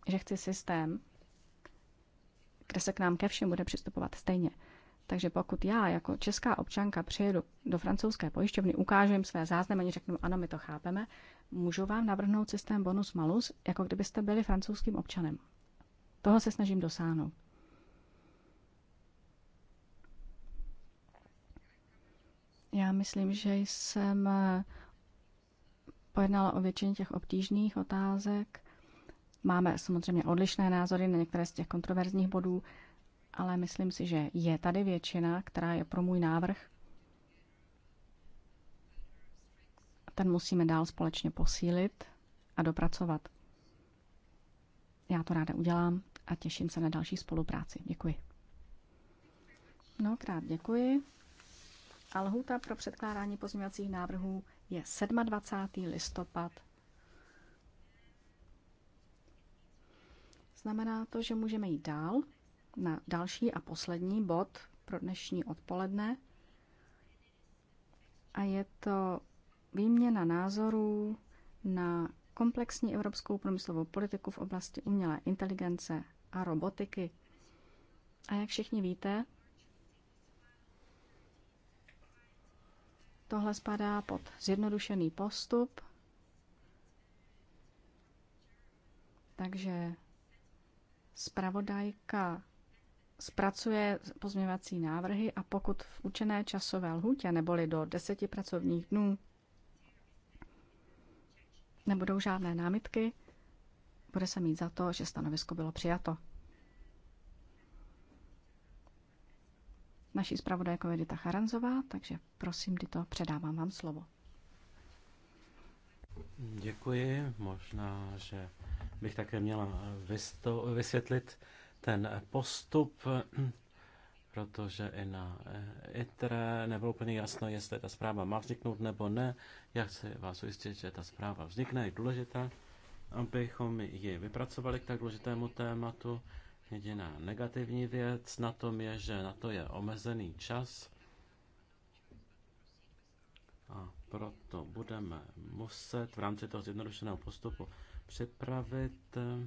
že chci systém, kde se k nám ke všem bude přistupovat stejně. Takže pokud já jako česká občanka přijedu do francouzské pojišťovny, ukážu jim své záznamy, oni řeknou, ano, my to chápeme, můžu vám navrhnout systém bonus malus, jako kdybyste byli francouzským občanem. Toho se snažím dosáhnout. Já myslím, že jsem eh, pojednala o většině těch obtížných otázek. Máme samozřejmě odlišné názory na některé z těch kontroverzních bodů, ale myslím si, že je tady většina, která je pro můj návrh. Ten musíme dál společně posílit a dopracovat. Já to ráda udělám a těším se na další spolupráci. Děkuji. Mnohokrát děkuji. A lhůta pro předkládání pozměňovacích návrhů je 27. listopad. Znamená to, že můžeme jít dál na další a poslední bod pro dnešní odpoledne. A je to výměna názorů na komplexní evropskou průmyslovou politiku v oblasti umělé inteligence a robotiky. A jak všichni víte, tohle spadá pod zjednodušený postup, takže zpravodajka zpracuje pozměvací návrhy a pokud v učené časové lhůtě neboli do deseti pracovních dnů nebudou žádné námitky, bude se mít za to, že stanovisko bylo přijato. Naší zpravodajkou je Dita Charanzová, takže prosím, Dito, předávám vám slovo. Děkuji. Možná, že bych také měla vysvětlit ten postup, protože i na eh, ITRE nebylo úplně jasno, jestli ta zpráva má vzniknout nebo ne. Já chci vás ujistit, že ta zpráva vznikne, je důležitá, abychom ji vypracovali k tak důležitému tématu. Jediná negativní věc na tom je, že na to je omezený čas a proto budeme muset v rámci toho zjednodušeného postupu připravit eh,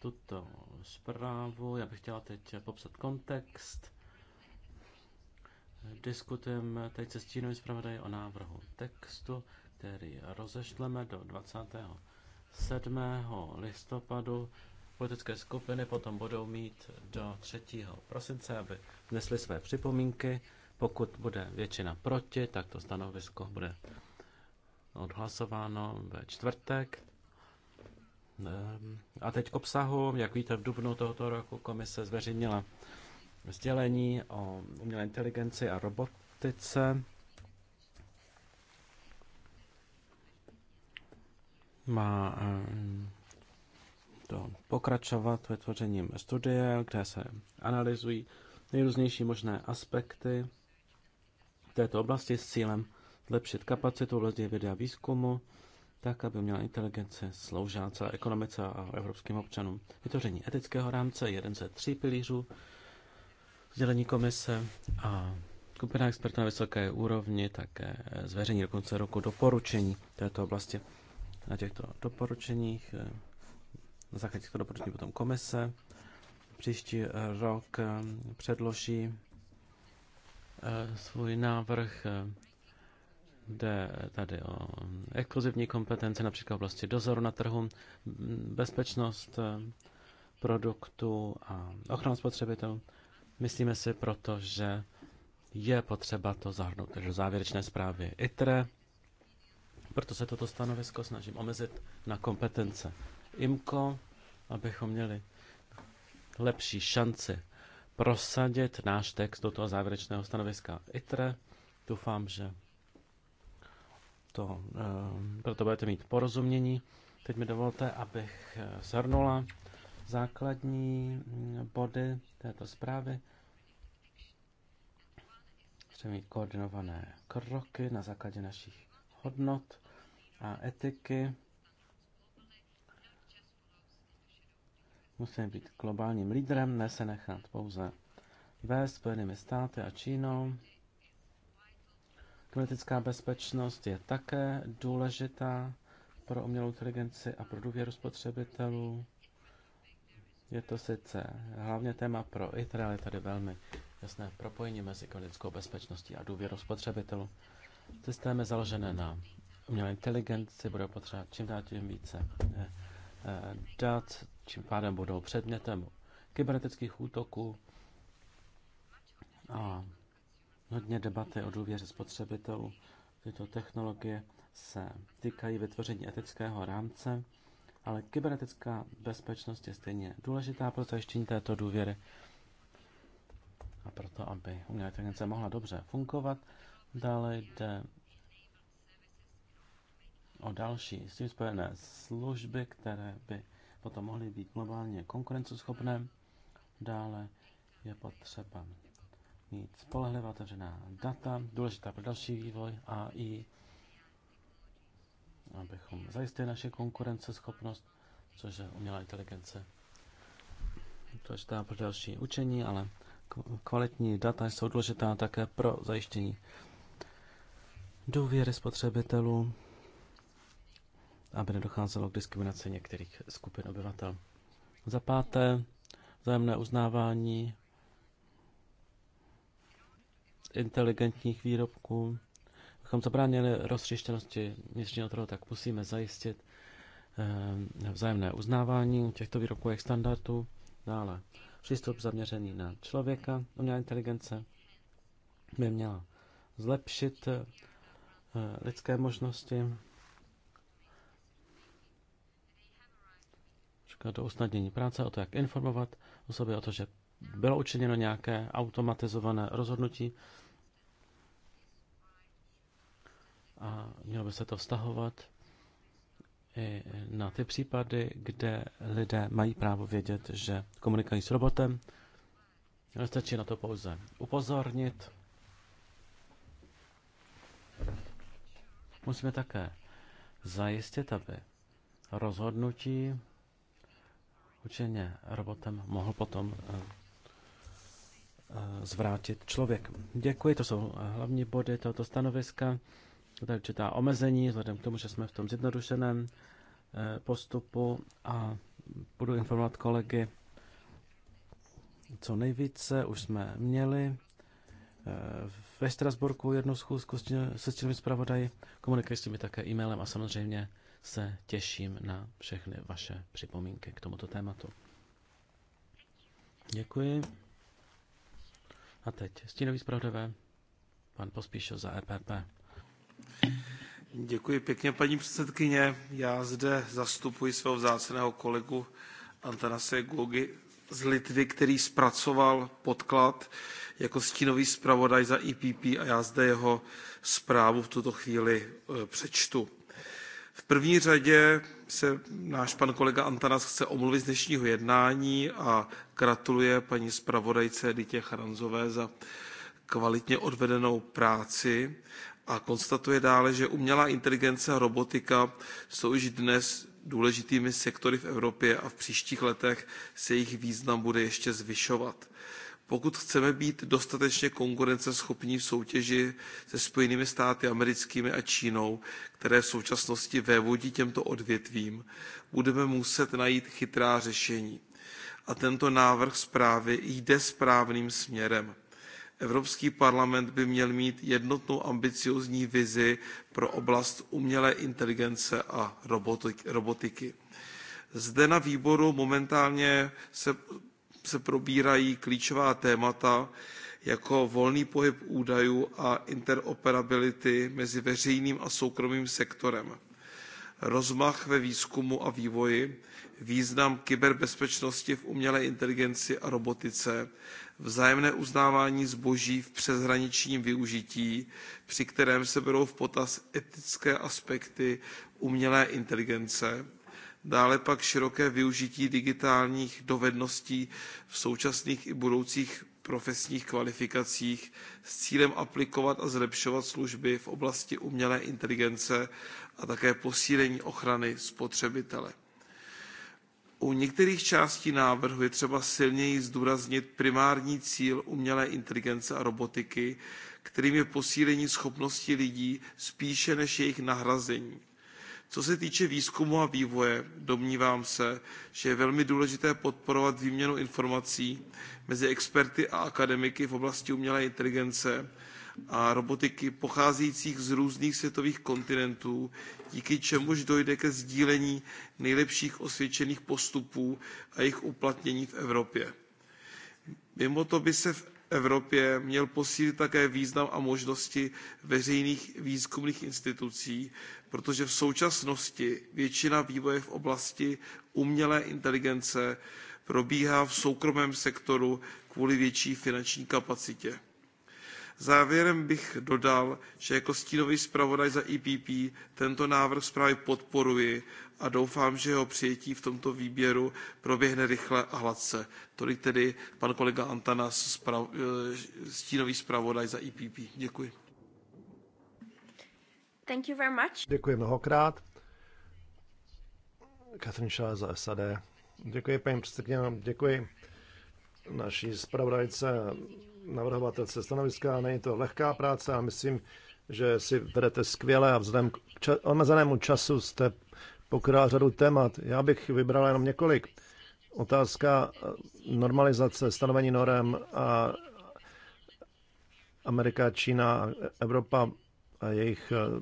tuto zprávu. Já bych chtěla teď popsat kontext. Diskutujeme teď se stínovým zpravodajem o návrhu textu, který rozešleme do 27. listopadu. Politické skupiny potom budou mít do 3. prosince, aby vnesly své připomínky. Pokud bude většina proti, tak to stanovisko bude odhlasováno ve čtvrtek Ehm, a teď k obsahu. Jak víte, v dubnu tohoto roku komise zveřejnila sdělení o umělé inteligenci a robotice. Má ehm, to pokračovat vytvořením studie, kde se analyzují nejrůznější možné aspekty této oblasti s cílem zlepšit kapacitu vlastně vědy a výzkumu tak, aby měla inteligence celé ekonomice a evropským občanům. Vytvoření etického rámce, jeden ze tří pilířů, sdělení komise a skupina expertů na vysoké úrovni také zveřejní do konce roku doporučení této oblasti. Na těchto doporučeních, eh, na základě těchto doporučení potom komise příští rok eh, předloží eh, svůj návrh Jde tady o exkluzivní kompetence, například v oblasti dozoru na trhu, bezpečnost eh, produktu a ochranu spotřebitelů. Myslíme si proto, že je potřeba to zahrnout do závěrečné zprávy ITRE, proto se toto stanovisko snažím omezit na kompetence IMCO, abychom měli lepší šanci prosadit náš text do toho závěrečného stanoviska ITRE. Doufám, že to, eh, proto budete mít porozumění. Teď mi dovolte, abych eh, shrnula základní mm, body této zprávy. Chceme mít koordinované kroky na základě našich hodnot a etiky. Musíme být globálním lídrem, ne se nechat pouze ve Spojenými státy a Čínou. Kybernetická bezpečnost je také důležitá pro umělou inteligenci a pro důvěru spotřebitelů. Je to sice hlavně téma pro ITRE, ale je tady velmi jasné propojení mezi kybernetickou bezpečností a důvěrou spotřebitelů. Systémy založené na umělé inteligenci budou potřebovat čím dát tím více eh, eh, dat, čím pádem budou předmětem kybernetických útoků a hodně debaty o důvěře spotřebitelů. Tyto technologie se týkají vytvoření etického rámce, ale kybernetická bezpečnost je stejně důležitá pro zajištění této důvěry a proto, aby umělá inteligence mohla dobře fungovat. Dále jde o další s tím spojené služby, které by potom mohly být globálně konkurenceschopné. Dále je potřeba mít spolehlivá otevřená data, důležitá pro další vývoj a i abychom zajistili naše konkurenceschopnost, což je umělá inteligence. Důležitá pro další učení, ale kvalitní data jsou důležitá také pro zajištění důvěry spotřebitelů, aby nedocházelo k diskriminaci některých skupin obyvatel. Za páté, vzájemné uznávání inteligentních výrobků. Abychom zabránili roztřištěnosti vnitřního trhu, tak musíme zajistit eh, vzájemné uznávání těchto výrobků jak standardů, dále přístup zaměřený na člověka, umělá inteligence by měla zlepšit eh, lidské možnosti, do usnadnění práce, o to, jak informovat osoby o to, že bylo učiněno nějaké automatizované rozhodnutí a mělo by se to vztahovat i na ty případy, kde lidé mají právo vědět, že komunikují s robotem. Stačí na to pouze upozornit. Musíme také zajistit, aby rozhodnutí učeně robotem mohl potom eh, Eh, zvrátit člověk. Děkuji, to jsou eh, hlavní body tohoto stanoviska. To je určitá omezení, vzhledem k tomu, že jsme v tom zjednodušeném eh, postupu a budu informovat kolegy co nejvíce. Už jsme měli ve Strasburku jednu schůzku se stínovým zpravodají. Komunikuji s nimi také e-mailem a samozřejmě se těším na všechny vaše připomínky k tomuto tématu. Děkuji. A teď stínový zpravodajové, pan Pospíšil za EPP. Děkuji pěkně, paní předsedkyně. Já zde zastupuji svého vzácného kolegu Antanase Gogi z Litvy, který zpracoval podklad jako stínový zpravodaj za EPP a já zde jeho zprávu v tuto chvíli e, přečtu v první řadě se náš pan kolega Antanas chce omluvit z dnešního jednání a gratuluje paní zpravodajce Ditě Charanzové za kvalitně odvedenou práci a konstatuje dále, že umělá inteligence a robotika jsou již dnes důležitými sektory v Evropě a v příštích letech se jejich význam bude ještě zvyšovat. Pokud chceme být dostatečně konkurenceschopní v soutěži se Spojenými státy americkými a Čínou, které v současnosti vévodí těmto odvětvím, budeme muset najít chytrá řešení. A tento návrh zprávy jde správným směrem. Evropský parlament by měl mít jednotnou ambiciózní vizi pro oblast umělé inteligence a robotiky. Zde na výboru momentálně se se probírají klíčová témata jako volný pohyb údajů a interoperability mezi veřejným a soukromým sektorem rozmach ve výzkumu a vývoji význam kyberbezpečnosti v umělé inteligenci a robotice vzájemné uznávání zboží v přeshraničním využití při kterém se berou v potaz etické aspekty umělé inteligence dále pak široké využití digitálních dovedností v současných i budoucích profesních kvalifikacích s cílem aplikovat a zlepšovat služby v oblasti umělé inteligence a také posílení ochrany spotřebitele. U některých částí návrhu je třeba silněji zdůraznit primární cíl umělé inteligence a robotiky, kterým je posílení schopnosti lidí spíše než jejich nahrazení. Co se týče výzkumu a vývoje, domnívám se, že je velmi důležité podporovat výměnu informací mezi experty a akademiky v oblasti umělé inteligence a robotiky pocházejících z různých světových kontinentů, díky čemuž dojde ke sdílení nejlepších osvědčených postupů a jejich uplatnění v Evropě. Mimo to by se v Evropě měl posílit také význam a možnosti veřejných výzkumných institucí, protože v současnosti většina vývoje v oblasti umělé inteligence probíhá v soukromém sektoru kvůli větší finanční kapacitě. Závěrem bych dodal, že jako stínový zpravodaj za IPP e tento návrh zprávy podporuji a doufám, že jeho přijetí v tomto výběru proběhne rychle a hladce. Tolik tedy pan kolega Antanas, eh, stínový zpravodaj za IPP. E Děkuji. Thank you very much. Děkuji mnohokrát. Katrin Šá za SAD. Děkuji, paní předsedkyně, děkuji naší zpravodajce, navrhovatelce stanoviska. Není to lehká práce a myslím, že si vedete skvěle a vzhledem k ča- omezenému času jste pokryla řadu témat. Já bych vybral jenom několik. Otázka normalizace, stanovení norem a Amerika, Čína, Evropa a jejich eh,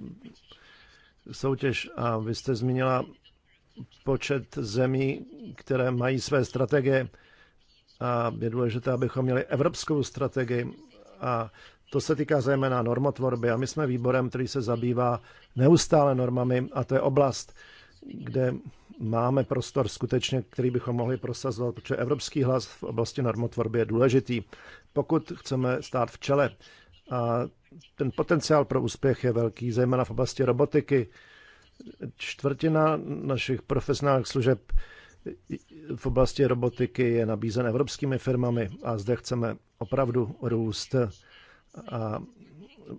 soutěž. A vy jste zmínila počet zemí, které mají své strategie a je důležité, abychom měli evropskou strategii a to se týká zejména normotvorby a my jsme výborem, který se zabývá neustále normami a to je oblast, kde máme prostor skutečně, který bychom mohli prosazovat, protože evropský hlas v oblasti normotvorby je důležitý, pokud chceme stát v čele a ten potenciál pro úspěch je velký, zejména v oblasti robotiky. Čtvrtina našich profesionálních služeb v oblasti robotiky je nabízen evropskými firmami a zde chceme opravdu růst. A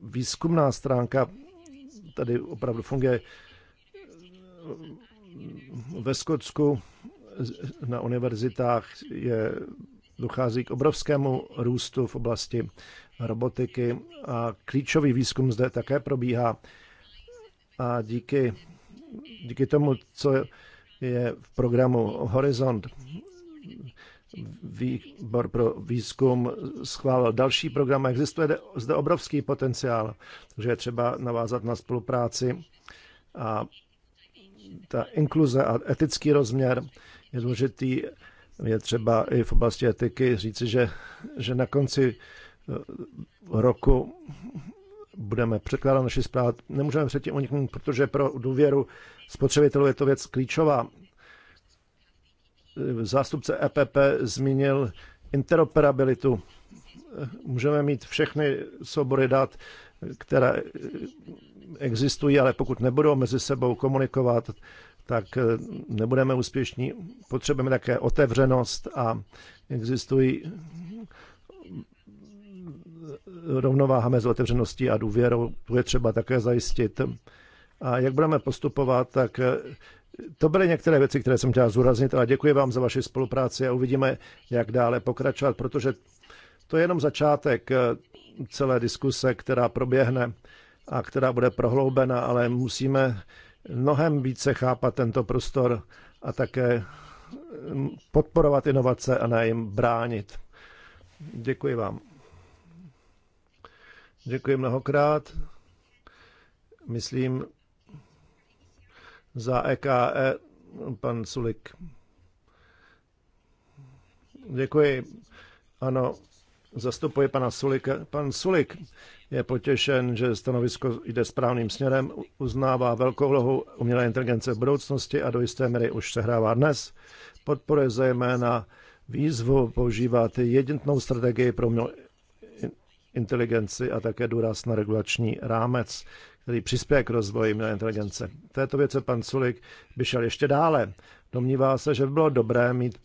výzkumná stránka tady opravdu funguje ve Skotsku na univerzitách je dochází k obrovskému růstu v oblasti robotiky a klíčový výzkum zde také probíhá. A díky, díky tomu, co je v programu Horizont, výbor pro výzkum schválil další program existuje zde obrovský potenciál, že je třeba navázat na spolupráci a ta inkluze a etický rozměr je důležitý je třeba i v oblasti etiky říci, že, že na konci eh, roku budeme překládat naši zprávu. Nemůžeme předtím uniknout, protože pro důvěru spotřebitelů je to věc klíčová. Zástupce EPP zmínil interoperabilitu. Můžeme mít všechny soubory dat, které existují, ale pokud nebudou mezi sebou komunikovat, tak eh, nebudeme úspěšní. Potřebujeme také otevřenost a existují eh, rovnováha mezi otevřeností a důvěrou. Tu je třeba také zajistit. A jak budeme postupovat, tak eh, to byly některé věci, které jsem chtěl zúraznit, ale děkuji vám za vaši spolupráci a uvidíme, jak dále pokračovat, protože to je jenom začátek celé diskuse, která proběhne a která bude prohloubena, ale musíme mnohem více chápat tento prostor a také podporovat inovace a ne jim bránit. Děkuji vám. Děkuji mnohokrát. Myslím za EKE e pan Sulik. Děkuji. Ano, zastupuji pana Sulika. Pan Sulik je potěšen, že stanovisko jde správným směrem, uznává velkou vlohu umělé inteligence v budoucnosti a do jisté míry už se hrává dnes. Podporuje zejména výzvu používat jednotnou strategii pro umělou inteligenci a také důraz na regulační rámec, který přispěje k rozvoji umělé inteligence. V této věce pan Sulik by šel ještě dále. Domnívá se, že by bylo dobré mít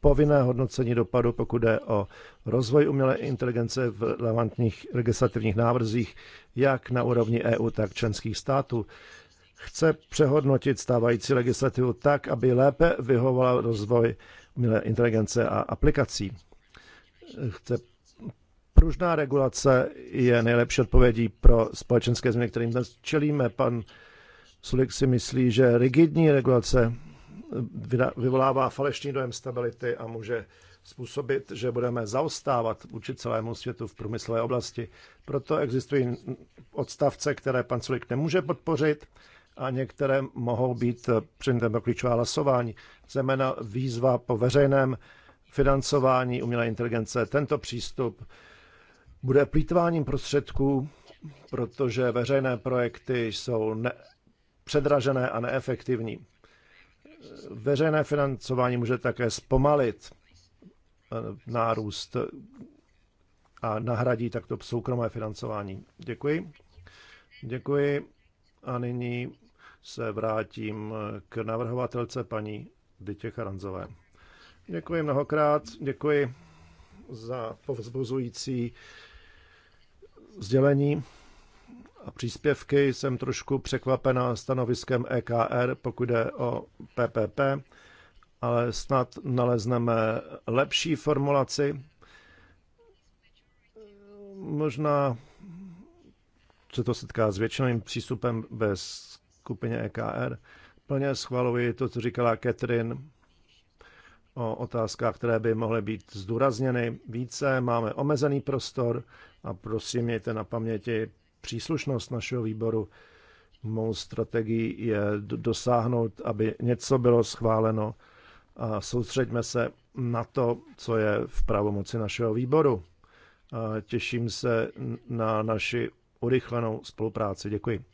povinné hodnocení dopadu, pokud jde o rozvoj umělé inteligence v relevantních legislativních návrzích, jak na úrovni EU, tak členských států. Chce přehodnotit stávající legislativu tak, aby lépe vyhovovala rozvoj umělé inteligence a aplikací. Chce pružná regulace je nejlepší odpovědí pro společenské změny, kterým dnes čelíme. Pan Sulik si myslí, že rigidní regulace vyvolává falešný dojem stability a může způsobit, že budeme zaostávat vůči celému světu v průmyslové oblasti. Proto existují odstavce, které pan Sulik nemůže podpořit a některé mohou být předmětem pro klíčová hlasování. Zeměna výzva po veřejném financování umělé inteligence. Tento přístup bude plítváním prostředků, protože veřejné projekty jsou ne- předražené a neefektivní veřejné financování může také zpomalit eh, nárůst a nahradí takto soukromé financování. Děkuji. Děkuji. A nyní se vrátím k navrhovatelce paní Dytě Charanzové. Děkuji mnohokrát, děkuji za povzbuzující sdělení příspěvky. Jsem trošku překvapena stanoviskem EKR, pokud jde o PPP, ale snad nalezneme lepší formulaci. Možná se to setká s většinovým přístupem ve skupině EKR. Plně schvaluji to, co říkala Catherine o otázkách, které by mohly být zdůrazněny více. Máme omezený prostor a prosím mějte na paměti příslušnost našeho výboru. Mou strategií je dosáhnout, aby něco bylo schváleno a soustřeďme se na to, co je v pravomoci našeho výboru. A těším se na naši urychlenou spolupráci. Děkuji.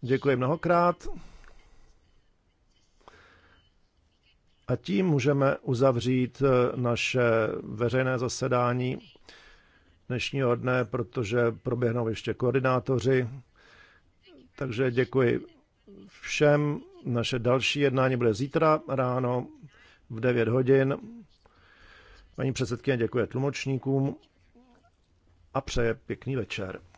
Děkuji mnohokrát. A tím můžeme uzavřít e, naše veřejné zasedání dnešního dne, protože proběhnou ještě koordinátoři. Takže děkuji všem. Naše další jednání bude zítra ráno v 9 hodin. Paní předsedkyně děkuje tlumočníkům a přeje pěkný večer.